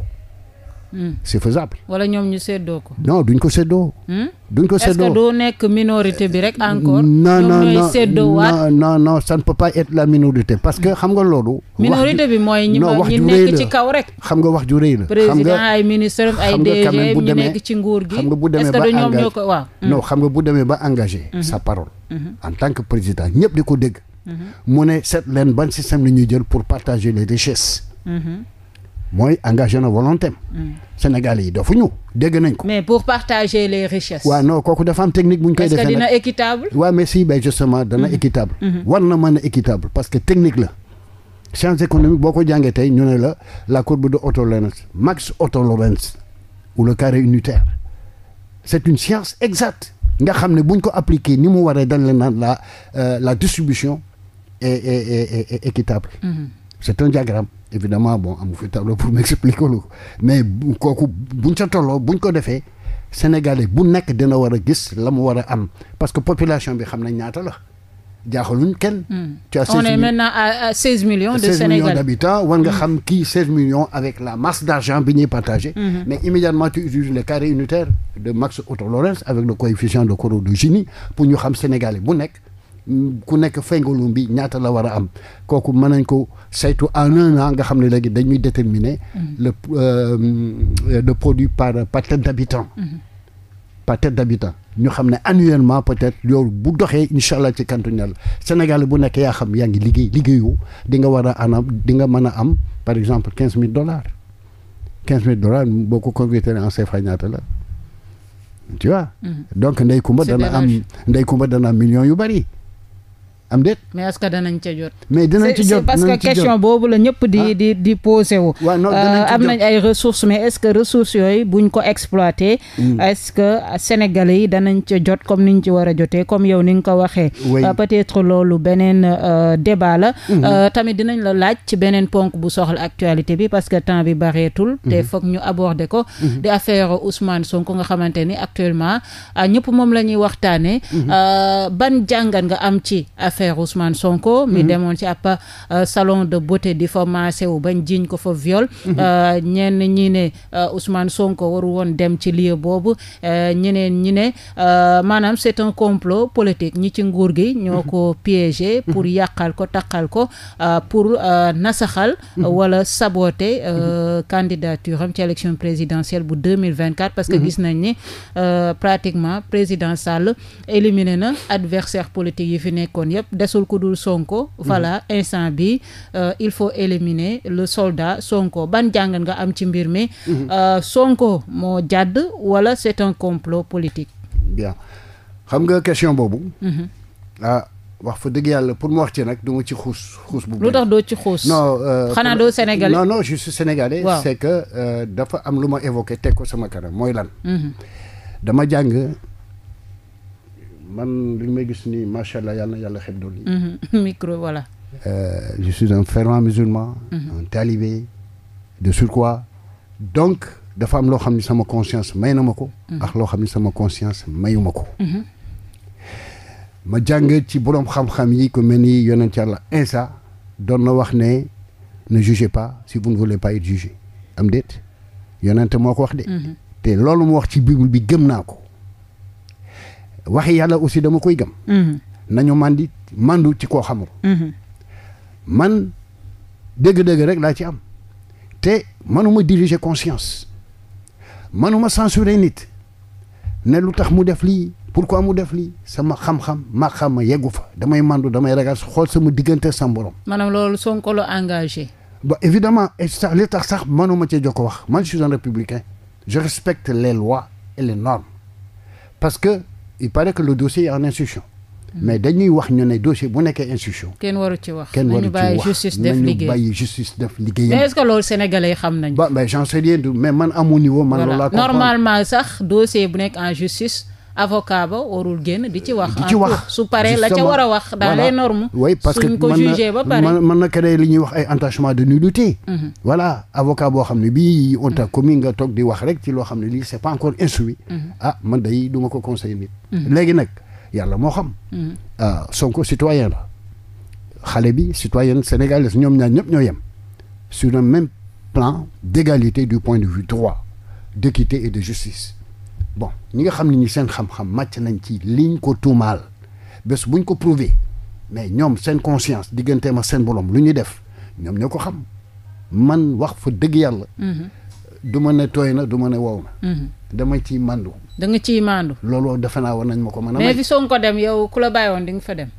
Hmm. c'est faisable. wala ñoom ñu séddoo ko. non duñ ko séddoo. Hmm? duñ ko séddoo est-ce que doo nekk minorité bi rek encore. non non non non non non ça ne peut la minorité parce que xam nga loolu. minorité bi mooy ñi ñi nekk ci kaw rek. xam nga wax ju rëy la. président ay ministre ay DG ci nguur gi. xam bu demee ba engagé waaw. Hmm. xam nga bu demee ba engagé. sa parole. en tant que président ñëpp di ko dégg. mu ne seet leen ban système la ñuy jël pour partager les richesses. mooy engagé na volonté hmm. Sénégalais yi fu dofuñu dégg nañ ko. mais pour partager les richesses. waaw non kooku dafa technique bu ñu koy. defee est-ce que dina équitable. waaw mais si ben justement dana hmm. équitable. Hmm. war na mën équitable parce que technique la. science économique boo ko jàngee tey ñu ne la la courbe de Otto Lorenz Max Otto Lorenz ou le carré unitaire c'est une science exacte nga xam ne bu ñu ko appliquer ni mu waree dañ leen naan la euh, la distribution est c'est un diagramme évidemment bon amu fi tableau pour m'expliquer loolu mais kooku buñ sa tolloo buñ ko defee sénégalais bu nekk dina war a gis la mu war a am parce que population bi xam na ñaata la jaaxaluñ kenn. Hmm. tu as seize on est maintenant à seize millions. de hmm. bi ñuy partagé. Hmm. mais immédiatement tu utilises le carré unitaire de Max Otto Lorenz avec le coefficient de Corot de Gini pour ñu xam sénégalais bu nekk. ku nekk fengaloom bi ñaata la war a am kooku mën nañ ko saytu en un nga xam ne léegi dañuy déterminer mhm. le euh, le produit par par tête d'habitant mhm. par tête d'habitant ñu xam ne annuellement peut-être loolu bu doxee incha allah ci kantu ñàll Sénégal bu nekk yaa xam yaa ngi liggéey liggéeyu di nga war a anam di nga mën a am par exemple quinze mille dollars quinze mille dollars boo ko convertir en CFA ñaata la mhm. donc ndey kumba dana am ndey kumba dana am millions yu bari. am déet. mais est que danañ ca jot. mais dinañ ci jot parce que question boobu la ñëpp di ah. di di posé wu. Euh, am nañ ay ressources mais est-ce que ressources yooyu buñ ko exploité. Mm. est-ce que sénégalais yi danañ ca jot comme ni ñu ci war jotee comme yow ni nga ko waxee. Euh, peut-être loolu beneen euh, débat la. Mm-hmm. tamit dinañ la laaj ci beneen ponk bu soxla actualité bi parce que temps bi bareetul. Mm-hmm. te foog ñu aborder ko. Mm-hmm. di affaire Ousmane Sonko nga xamante ni actuellement ñëpp moom la ñuy waxtaanee. ban jàngat nga am ci affaire Ousmane Sonko. mi mhm. demoon ci ab euh, salon de beauté di fa maase wu bañ jiñ ko fa viol. Mhm. Euh, ñenn ñi ne euh, Ousmane Sonko waru woon dem ci lieu boobu ñeneen ñi ne maanaam c'est un complot politique ñi ci nguur gi. ñoo ko mhm. piégé. pour yàqal ko taqal ko pour nasaxal. wala saboter candidature am ci élection présidentielle bu deux mille vingt quatre parce que gis nañ ni pratiquement président Sall éliminé na adversaire politique yi fi nekkoon yëpp. desul ku dul Sonko. voilà mhm. instant bi euh, il faut éliminer le soldat Sonko ban jàngat nga am ci mbir mi. Mhm. Euh, Sonko moo jàdd wala c'est un complot politique. bien xam nga question boobu. Mhm. ah wax fa dëgg yàlla pour mu wax ci nag du ci xuus xuus bu. lu tax doo ci xuus. non euh, xanaa doo sénégalais. non non je suis c'est que dafa am lu ma évoqué teg ko sama kanam mooy lan. dama jàng. man li may gis nii macha allah yàlla na yàlla xeb dool yi micro voilà. Euh, je suis un fervent musulman. Mhm. un talibé de surcroît. donc dafa am loo xam ni sama conscience may na ma ko. Mhm. ak loo xam ni sama conscience mayu ma mhm. jàng ci boroom xam-xam yi ko mel ni yonent yàlla insa doon na wax ne ne jugez pas si vous ne voulez pas être jugé am déet yonent moo ko wax de. te loolu mu wax ci bible bi gëm naa ko. waxi yàlla aussi dama koy gëm mhm. nañu màndi màndu ci koo xamul mhm. man dëgg-dëgg rek laa ci am te manuma diriger conscience ma censurer nit ne lu tax mu def lii pourquoi mu def lii sama xam-xam ma xam ma yeggu fa damay màndu damay ragal xool sama diggante sa borom maanaam loolu Sonko la engagé ba évidemment et sax li tax sax manuma cee jokko wax man je suis un républicain je respecte les lois et les normes il paraît que le dossier est en instruction. Mm-hmm. mais dañuy wax ñu ne dossier bu nekkee institution. kenn waru ci wax kenn waru ci wax justice def justice def liggéey. mais est-ce que loolu sénégalais yi xam nañu. ba mais j'en sais mais man à niveau. man loolu laa normalement sax dossier bu nekk en justice. avocat ba warul génn di ci wax. ci wax ah, su paree la ca war a wax. dans les normes. oui parce que man na créer li ñuy wax ay entachement de nullité. Mhm. voilà avocat boo xam ne bii on t'a mhm. commis nga toog di wax rek ci loo xam ne lii c'est pas encore instruit. ma mhm. ah, man day du ko conseiller mi léegi nag yàlla moo xam. ah Sonko citoyen la. xale bi citoyenne sénégalaise ñoom ñaar ñëpp ñoo yem sur le même plan d'égalité du point de vue droit d'équité et de justice bon ñi nga xam ne ñi seen xam-xam màcc nañ ci liñ ko tuumaal bés buñ ko prouver mais ñoom seen conscience digganteem ak seen borom lu ñuy def ñoom ñoo ko xam man wax fa dëgg yàlla. Mhm. du ma ne tooy na du ma ne wow na. Mhm. dama ciy màndu. da nga ciy màndu. loolu defe naa war nañ ma ko mën a. mais fi soo ko dem yow ku la bàyyi woon di nga fa dem.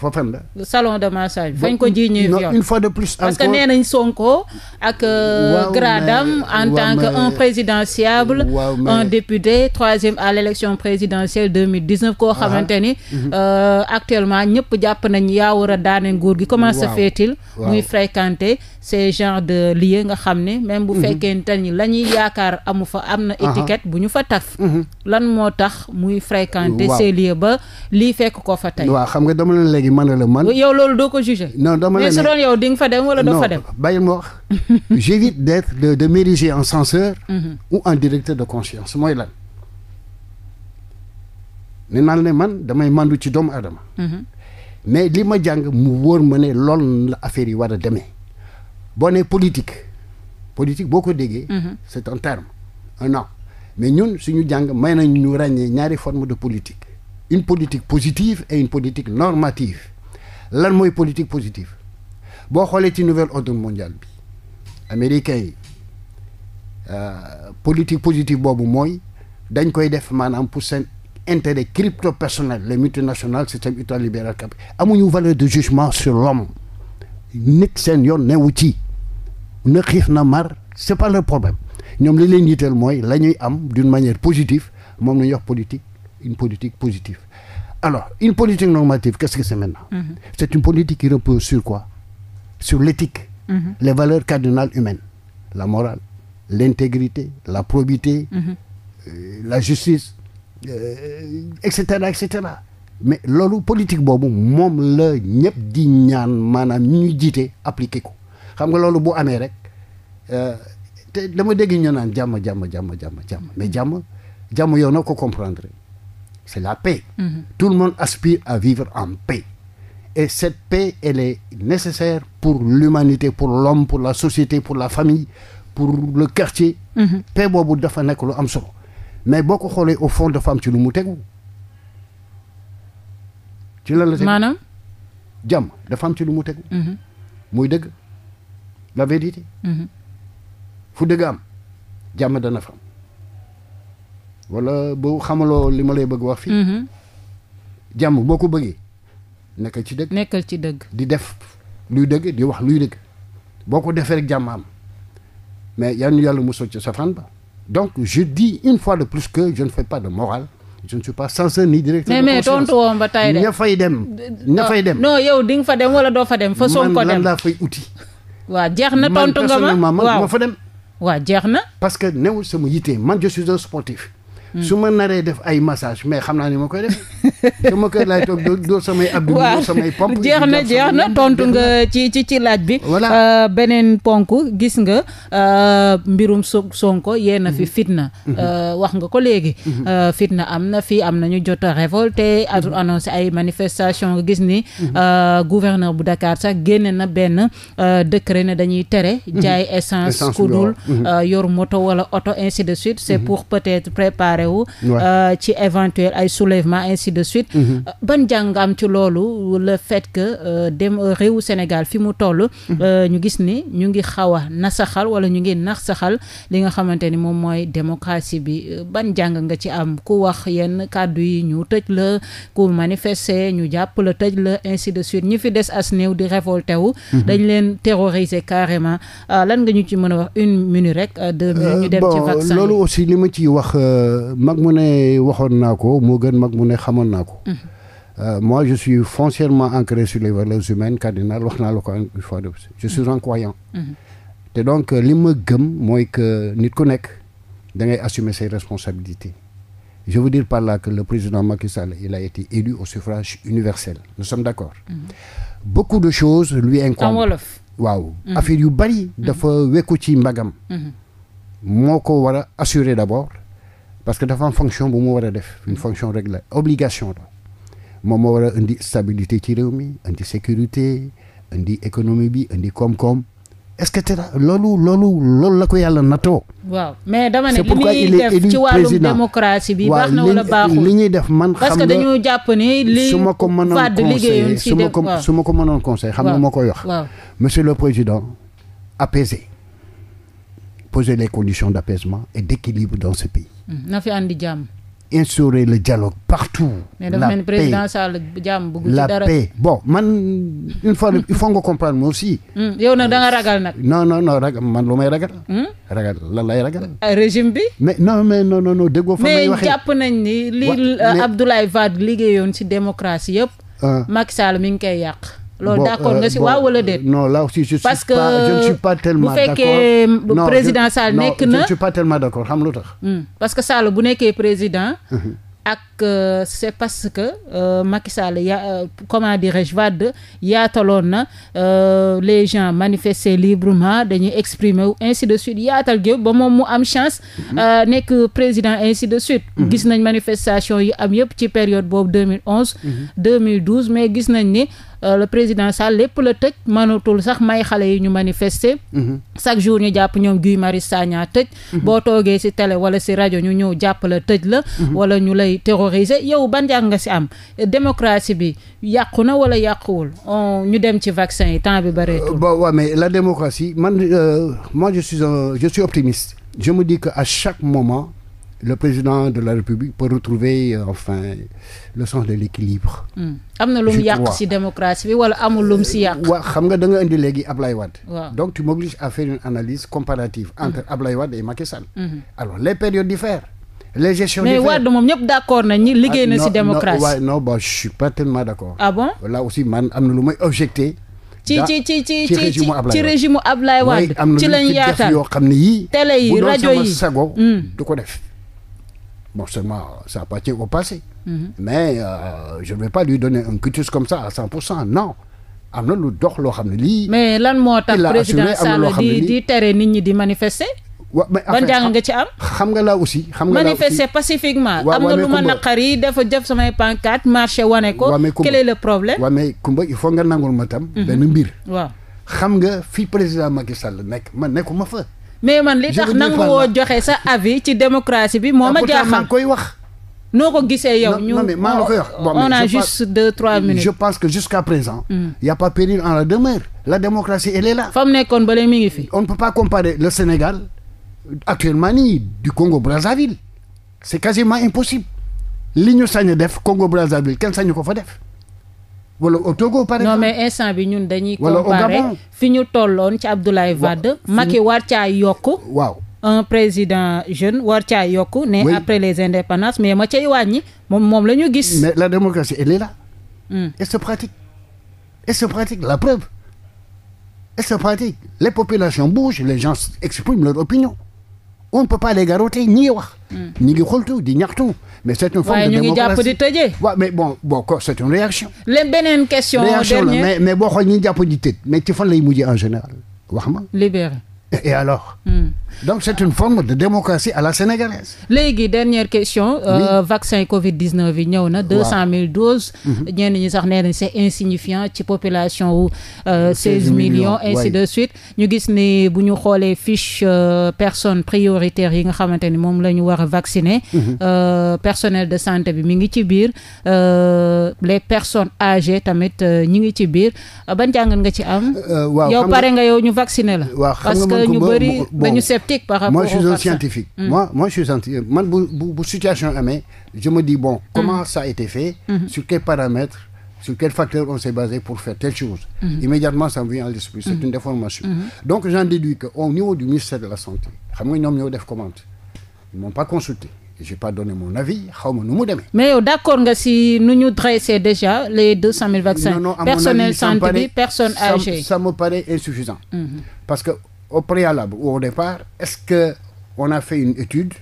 fa fan la. salon de massage fañ ko ji ñuy viol une fois de plus encore parce que nee nañ Sonko ak. Euh, gradam en tant que un présidentiable. un député troisième à l' élection présidentielle deux mille dix neuf. koo xamante ni. Mm-hmm. Euh, actuellement ñëpp jàpp nañ yaa war a daane nguur gi. comment se fait-il muy fréquenter ces genres de lieux nga xam ne. même bu mm-hmm. fekkente ni la ñuy yaakaar amu fa am na. étiquette bu ñu fa taf. Mm-hmm. lan moo tax muy fréquenter ces lieux ba lii fekk ko fa tey. waaw xam nga dama la léegi. ji mën a la man yow loolu doo ko jugé. no dama mais su doon yow di nga fa dem wala doo dem. non bàyyi ma wax. j'évite d'être de de m'ériger en censeur. Mhm. ou en directeur de conscience mooy lan. ne naan ne man damay mandu ci doomu aadama. Mhm. mais li ma jàng mu wóor ma ne lool la affaire yi war a demee. boo nee politique politique boo ko déggee. Mhm. c'est un terme no mais ñun suñu jàng may nañu ñu ràññee ñaari forme de politique. une politique positive et une politique normative lan mooy politique positive boo xoolee ci nouvelle ordre mondial bi américain yi euh, politique positive boobu mooy dañ koy def maanaam pour seen intérêt crypto personnel les multinationales système ultralibéral cap amuñu valeur de jugement sur l'homme nit seen yoon newu ci na xiif na mar c'est pas le problème ñoom li leen yitteel mooy la ñuy am d'une manière positive moom la ñuy wax politique une politique positive. Alors, une politique normative, qu'est-ce que c'est maintenant mm -hmm. C'est une politique qui repose sur quoi Sur l'éthique, mm -hmm. les valeurs cardinales humaines, la morale, l'intégrité, la probité, mm -hmm. euh, la justice, etc., euh, etc. mais loolu politique boobu moom la ñëpp di ñaan maanaam ñu ñu jiite appliqué ko xam nga loolu bu amee rek euh, te dama dégg ñu naan jàmm jàmm jàmm jàmm jàmm mais jàmm jàmm yow na ko comprendre. c'est la paix. Mm Tout le monde aspire à vivre en paix. Et cette paix, elle nécessaire pour l'humanité, pour l'homme, pour la société, pour la famille, pour le quartier. Mhm. paix boobu dafa nekk lu am solo mais boo ko xoolee au fond dafa am ci lu mu tegu. ci lan la tegu maanaam. jàmm dafa am ci lu mu tegu. Mhm. muy dëgg la vérité. Mhm. fu dëgg am jàmm dana fa wala bu xamaloo li ma lay bëgg wax fii mm-hmm. jàmm boo ko bëggee nekkal ci dëgg nekkal ci dëgg di def luy dëgg di wax luy dëgg boo ko defee rek jàmm am mais yal na yàlla mosoo ci safaan ba donc je dis une fois de plus que je ne fais pas de morale je ne suis pas censeur ni directeur mais mais tontu woon ba tey de ña fay dem ña fay dem non yow di nga fa dem wala doo fa dem fa soog ko dem man lan laa fay uti waaw jeex na tontu nga ma man personnellement fa dem waaw jeex na parce que newul sama yittee man je suis un sportif Hmm. su ma naree def ay massage mais xam naa ni ma koy def sama kër laay toog doo samay abdou doo samay pompe jeex na jeex na tontu nga ci ci ci laaj bi voilà euh, beneen ponk gis nga euh, mbirum Sonko yéen a fi hmm. fitna hmm. Euh, wax nga ko léegi fitna am na fii am nañu jot a révolté annoncé ay manifestation gis ni gouverneur bu Dakar sax génne na benn décret ne dañuy tere jaay essence ku dul yor moto wala oto ainsi de suite c'est pour peut préparer préparé wu euh, ci éventuel ay soulèvement ainsi de suite mhm. euh, ban jàng am ci loolu le fait que euh, dem réewu Sénégal fi mu toll mhm. ñu gis ni ñu ngi xaw a nasaxal wala ñu ngi nasaxal li nga xamante ni moom mooy démocratie bi ban jàng nga ci am ku wax yenn kàddu yi ñu tëj la ku manifester ñu jàpp la tëj la ainsi de suite ñi fi des as néew di révolté wu mhm. dañ leen terroriser carrément lan nga ñu ci mën wax une minute rek deux ñu dem ci vaccin loolu aussi li ma ciy wax mag mu ne waxoon naa ko moo gën mag mu ne xamoon naa ko. Mhm. Euh, moi je suis foncièrement ancré sur les valeurs humaines cardinal wax naa la ko une je suis mhm. un croyant. Mhm. te donc euh, li ma gëm mooy que nit ku nekk da ngay assumer ses responsabilités. je veux dire par là que le président Macky Sall il a été élu au suffrage universel nous sommes d'accord. beaucoup de choses lui en wolof waaw. affaire yu bari. dafa wekku ci mbagam. moo ko war a d'abord. parce que dafa am fonction bu mu war a def une fonction réglée obligation la moom moo war a indi stabilité ci réew mi indi sécurité indi économie bi indi koom-koom est-ce que te loolu loolu loolu la ko yàlla natoo. mais dama ne bi baax na li ñuy def man. xam jàpp ni su ma ko mënoon conseil su ma ko su ma ko mënoon conseil xam nga moo koy wax. monsieur le président apaisé. poser les conditions d'apaisement et d'équilibre dans ce pays. Mm-hmm. na fi andi jàmm. instaurer le dialogue partout. Mais la paix président Sall jàmm bëgg ci dara. paix bon man une fois il faut nga comprendre moi aussi. Mm-hmm. yow nag da ragal nag. non non non ragal man lu may ragal. Mm-hmm. ragal lan lay ragal. Ah, régime bi. mais non mais non non non déggoo fa may waxee mais jàpp nañ ni li Abdoulaye Wade liggéeyoon ci démocratie yëpp. Ah. Macky Sall mi ngi koy yàq. loolu d'accord nga euh, si waaw wala déet. non là aussi je parce que bu fekkee président Sall nekk na non je ne suis pas hmm. parce que Sall bu nekkee président. Mhm. ak euh, c'est parce que euh, Macky Sall ya euh, comment dirais-je Wade yaataloon na euh, les gens manifester librement dañuy exprimer wu ainsi de suite yaatal gi ba moom mu am chance. Mhm. Euh, nekk président ainsi de suite. Mhm. gis nañ manifestation yi am yëpp ci période boobu 2011. Mm -hmm. 2012 mais gis nañ ni Euh, le président Sall lépp la tëj mënatul sax may xale yi ñu manifester. Mhm. chaque jour ñu jàpp ñoom Guy Marius Sagna tëj. Mhm. boo toogee ci tele wala ci rajo ñu ñëw jàpp la tëj la. Mhm. wala ñu lay terroriser yow ban jàng nga ci am démocratie bi yàqu na wala yàquwul ñu dem ci vaccin yi temps bi bareetul. Euh, bon waaw mais la démocratie man euh, moi je suis un, je suis optimiste je me dis que à chaque moment. le président de la République peut retrouver euh, enfin le sens de l'équilibre hmm. am na lu mu yàq ci démocratie bi wala amul lu mu si yàq euh, waaw xam nga da nga indi léegi abla Wade donc tu m'obliges à faire une analyse comparative hmm. entre Ablaye Wade et Macky hmm. les périodes diffèrent les gestions mais Wade moom ñëpp d' accord nañ ñi liggéey na si ah, démocratie waaw non bon je suis pas tellement d' accord ah man am na lu may objecté ci ci ci ci ci ci régime Ablaye Wade ci lañ yaatal yoo xam ne yii télé yi rajo yi bu du ko def Bon, seulement, ça appartient au passé. Mhm. Mais euh, je ne vais pas lui donner un quitus comme ça à cent Non. am na lu dox loo xam ne lii. mais lan moo tax président Sall di di tere nit ñi di manifester. wa mais jàng nga ci am. xam nga laa aussi. xam nga laa aussi manifester pacifiquement. am dafa jëf samay pancarte marché wane ko. quel est problème. waaw mais Kumba il faut nga nangul ma tam. Mhm. benn mbir. waaw xam nga fi président Macky Sall nekk ma nekkuma fa. mais man li tax nangu woo joxe sa avi ci démocratie bi moo ah, ma jaaxal maa ngi koy wax. noo ko gisee yow. ñu maa la koy wax on a juste deux trois minutes. je pense que jusqu'à présent. Hmm. il a pas péril en la demeure. la démocratie est là. fa mu nekkoon ba mi ngi fi. on ne peut pas comparer le Sénégal actuellement nii du Congo Brazzaville c'est quasiment impossible li ñu sañ a def Congo Brazzaville kenn sañu ko fa def. wala au Togo par exemple. instant bi ñun dañuy. wala au Gabon fi ñu tolloon ci Abdoulaye Wade. Macky war caa yokku waaw un président jeune war ca yokku ne après les indépendances mais ma cay wàññi moom moom la ñu gis. mais la démocratie elle est là. Hmm. elle se pratique elle se pratique la preuve elle se pratique les populations bougent les gens expriment leur opinion. on ne peut pas les garrotter wax. Hmm. ñu ngi xultu di ñaxtu. mais c'est une de démocratie waaye ñu ngi jàpp di tëjee. waaw mais bon bon c'est une réaction. léegi beneen question. réaction la mais mais boo xoolee ñu jàpp di tëj mais ci fan lay mujjee en général wax ma. libéré. et, et alors mm. donc c'est une léegi dernière question. Euh, oui. vaccin Covid 19 yi ñëw na. deux cent mille doses. Mhm. ñenn ñi sax nee nañ c'est insignifiant ci population wu. million euh, 16 millions de suite. ñu gis ni bu ñu xoolee fiche euh, personnes prioritaires yi nga xamante ni moom la ñu war a vacciner. Mhm. Euh, personnel de santé bi mu ngi ci biir euh, les personnes âgées tamit ñi ngi ci biir ban jàngat nga ci am. waaw yow pare nga yow ñu vacciner la. Euh, ñu bëri dañu sceptique par rapport moi scientifique hmm. bu situation amee je me dis bon hmm. comment mm. a été fait hmm. sur quels paramètres sur quels facteurs on s'est basé pour faire telle chose immédiatement ça que au niveau du ministère de la santé xam nga ñoom ñoo def commande ils m'ont pas consulté j'ai pas donné mon avis xaw ma nu mu mais yow d' accord nga si nu ñu dressé déjà les deux cent mille vaccins. non non à mon avis personnel santé bi personne âgée. ça me paraît insuffisant. Mm -hmm. parce que au préalable ou au départ, est-ce que on a fait une étude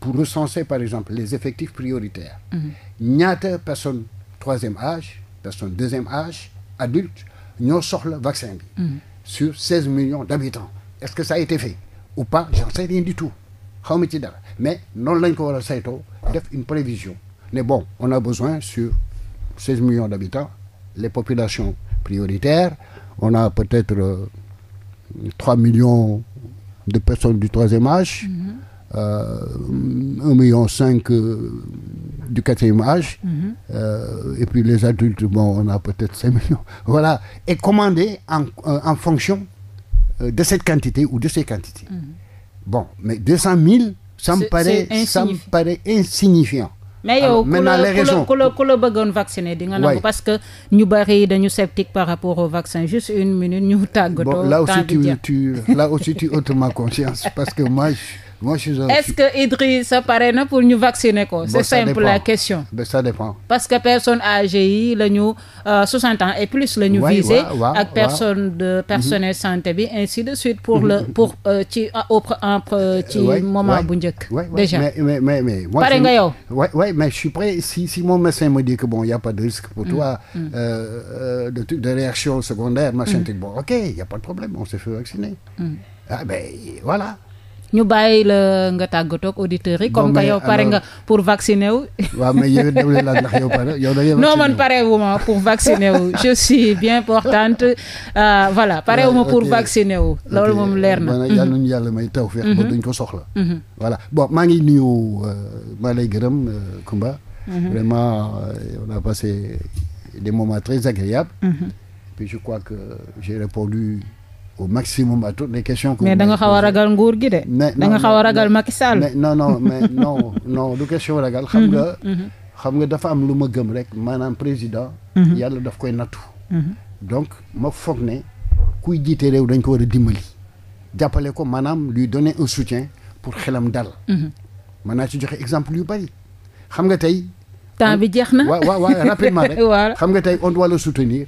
pour recenser par exemple les effectifs prioritaires mhm. ñaata personne troisième âge personne deuxième âge adulte ñoo soxla vaccin bi mhm. sur seize millions d'habitants est-ce que ça a été fait ou pas j'en sais rien du tout xaw ma ci mais noonu lañ ko war a saytoo def une prévision mais bon on a besoin sur seize millions d'habitants les populations prioritaires on a peut-être euh, 3 millions de personnes du troisième âge, mm -hmm. euh, 1,5 million euh, du quatrième âge, mm -hmm. euh, et puis les adultes, bon, on a peut-être 5 millions. Voilà, et commandé en, euh, en, fonction euh, de cette quantité ou de ces quantités. Mm -hmm. Bon, mais 200 000, ça me, paraît, ça me paraît insignifiant. mais yow ku la ku la ku la bëggoon vacciner di nga nangu parce que ñu bari dañu sceptique par rapport au vaccin juste une minute ñu tàggatoo. bon là aussi tu tu là aussi tu ôtes ma conscience parce que moi. moi je suis est-ce que Idrissa pare na pour ñu vacciner ko. c'est simple la question. ba ça que personne âgée yi la ñu 60 euh, ans et plus la ñu. visé ak personne de mhm. personnel santé bi ainsi de suite. pour le mhm. pour euh, ci au euh, ci moment bu njëkk. déjà mais mais mais. pare nga yow. oui mais je suis prêt si si mon médecin me dit que bon y a pas de risque pour mm. toi. Mm. de réaction secondaire machin mm. bon ok y a pas de problème on s'est vacciner. ah voilà. ñu bàyyi la nga tàggatoog auditeurs yi. comme que yow pare nga pour vacciner wu. waaw mais yow dem la ndax yow pare yow da non man pare wu ma pour vacciner wu je suis bien portante euh, voilà pare wu ma pour vacciner wu. loolu moom leer na. yal mhm. nañu yàlla may taw feex ba mhm. duñ ko soxla. Mhm. voilà bon maa ngi nuyu euh, maa lay gërëm euh, Kumba. vraiment on a passé des moments très agréables. au maximum à toutes les questions. que mais da nga xaw a ragal nguur gi de. da nga xaw a ragal Macky Sall. non non mais non non du question ragal. xam nga mhm, mhm. xam dafa am lu ma gëm rek maanaam président. Mhm. yàlla daf koy nattu. donc ma foog ne kuy jiite réew dañ ko war a dimbali. jàppale ko maanaam lui donner un soutien pour xelam dal. mën naa ci joxe exemple yu bari xam nga tey. temps bi jeex na waaw waaw rapidement rek. xam nga tey on doit le soutenir.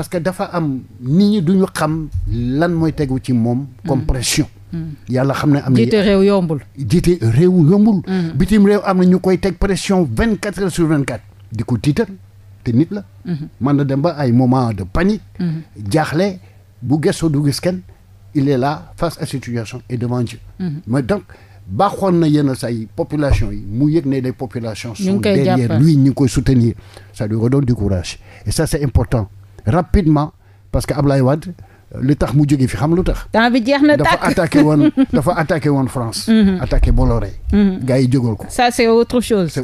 parce que dafa am nit ñi du ñu xam lan mooy tegu ci moom. comme mm. pression. Mm. yàlla xam ne am na jiite réew yombul. jiite réew yombul. Mm. bitim réew am na ñu koy teg pression vingt quatre heures sur vingt di ko tiital te nit la. Mm-hmm. man na dem ba ay moment de panique. Mm-hmm. jaaxle bu gëstoo du gis kenn il est là face à situation et devant Dieu. Mm-hmm. mais donc baaxoon na yenn say population yi mu yëg ne les populations. sont derrière lui ñu ngi koy soutenir ça lui redonne du courage et ça c'est important. rapidement parce que Ablaye Wade li tax mu jóge fi xam lu tax. temps bi jeex na tàkk dafa attaqué woon dafa attaqué woon France. Mhm. attaqué Bolloré. Mhm. gars yi jógal ko. ça c' autre chose. c'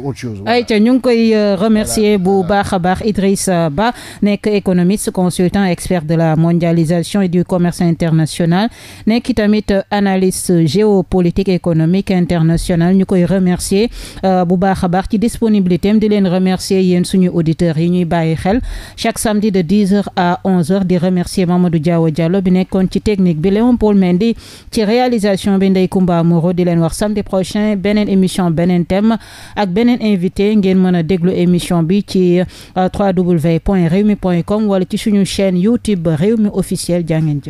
est ñu ngi koy euh, remercier bu baax a baax Idrissa Ba nekk économiste consultant expert de la mondialisation et du commerce international nekk tamit euh, analyste géopolitique économique international ñu koy remercier euh, bu baax a baax ci disponibilité am di leen remercier yéen suñu auditeurs yi ñuy bàyyi xel chaque samedi de 10 à 11 heures di remercier Mamadou Diaw. Diallo bi nekkoon ci technique bi Léon Paul Mendy ci réalisation bi Ndeye Comba Moreau di leen wax samedi prochain beneen émission beneen thème ak beneen invité ngeen mën a déglu émission bi ci euh, www.rewmi.com wala ci suñu chaîne YouTube Rewmi officiel jaa ngeen jëf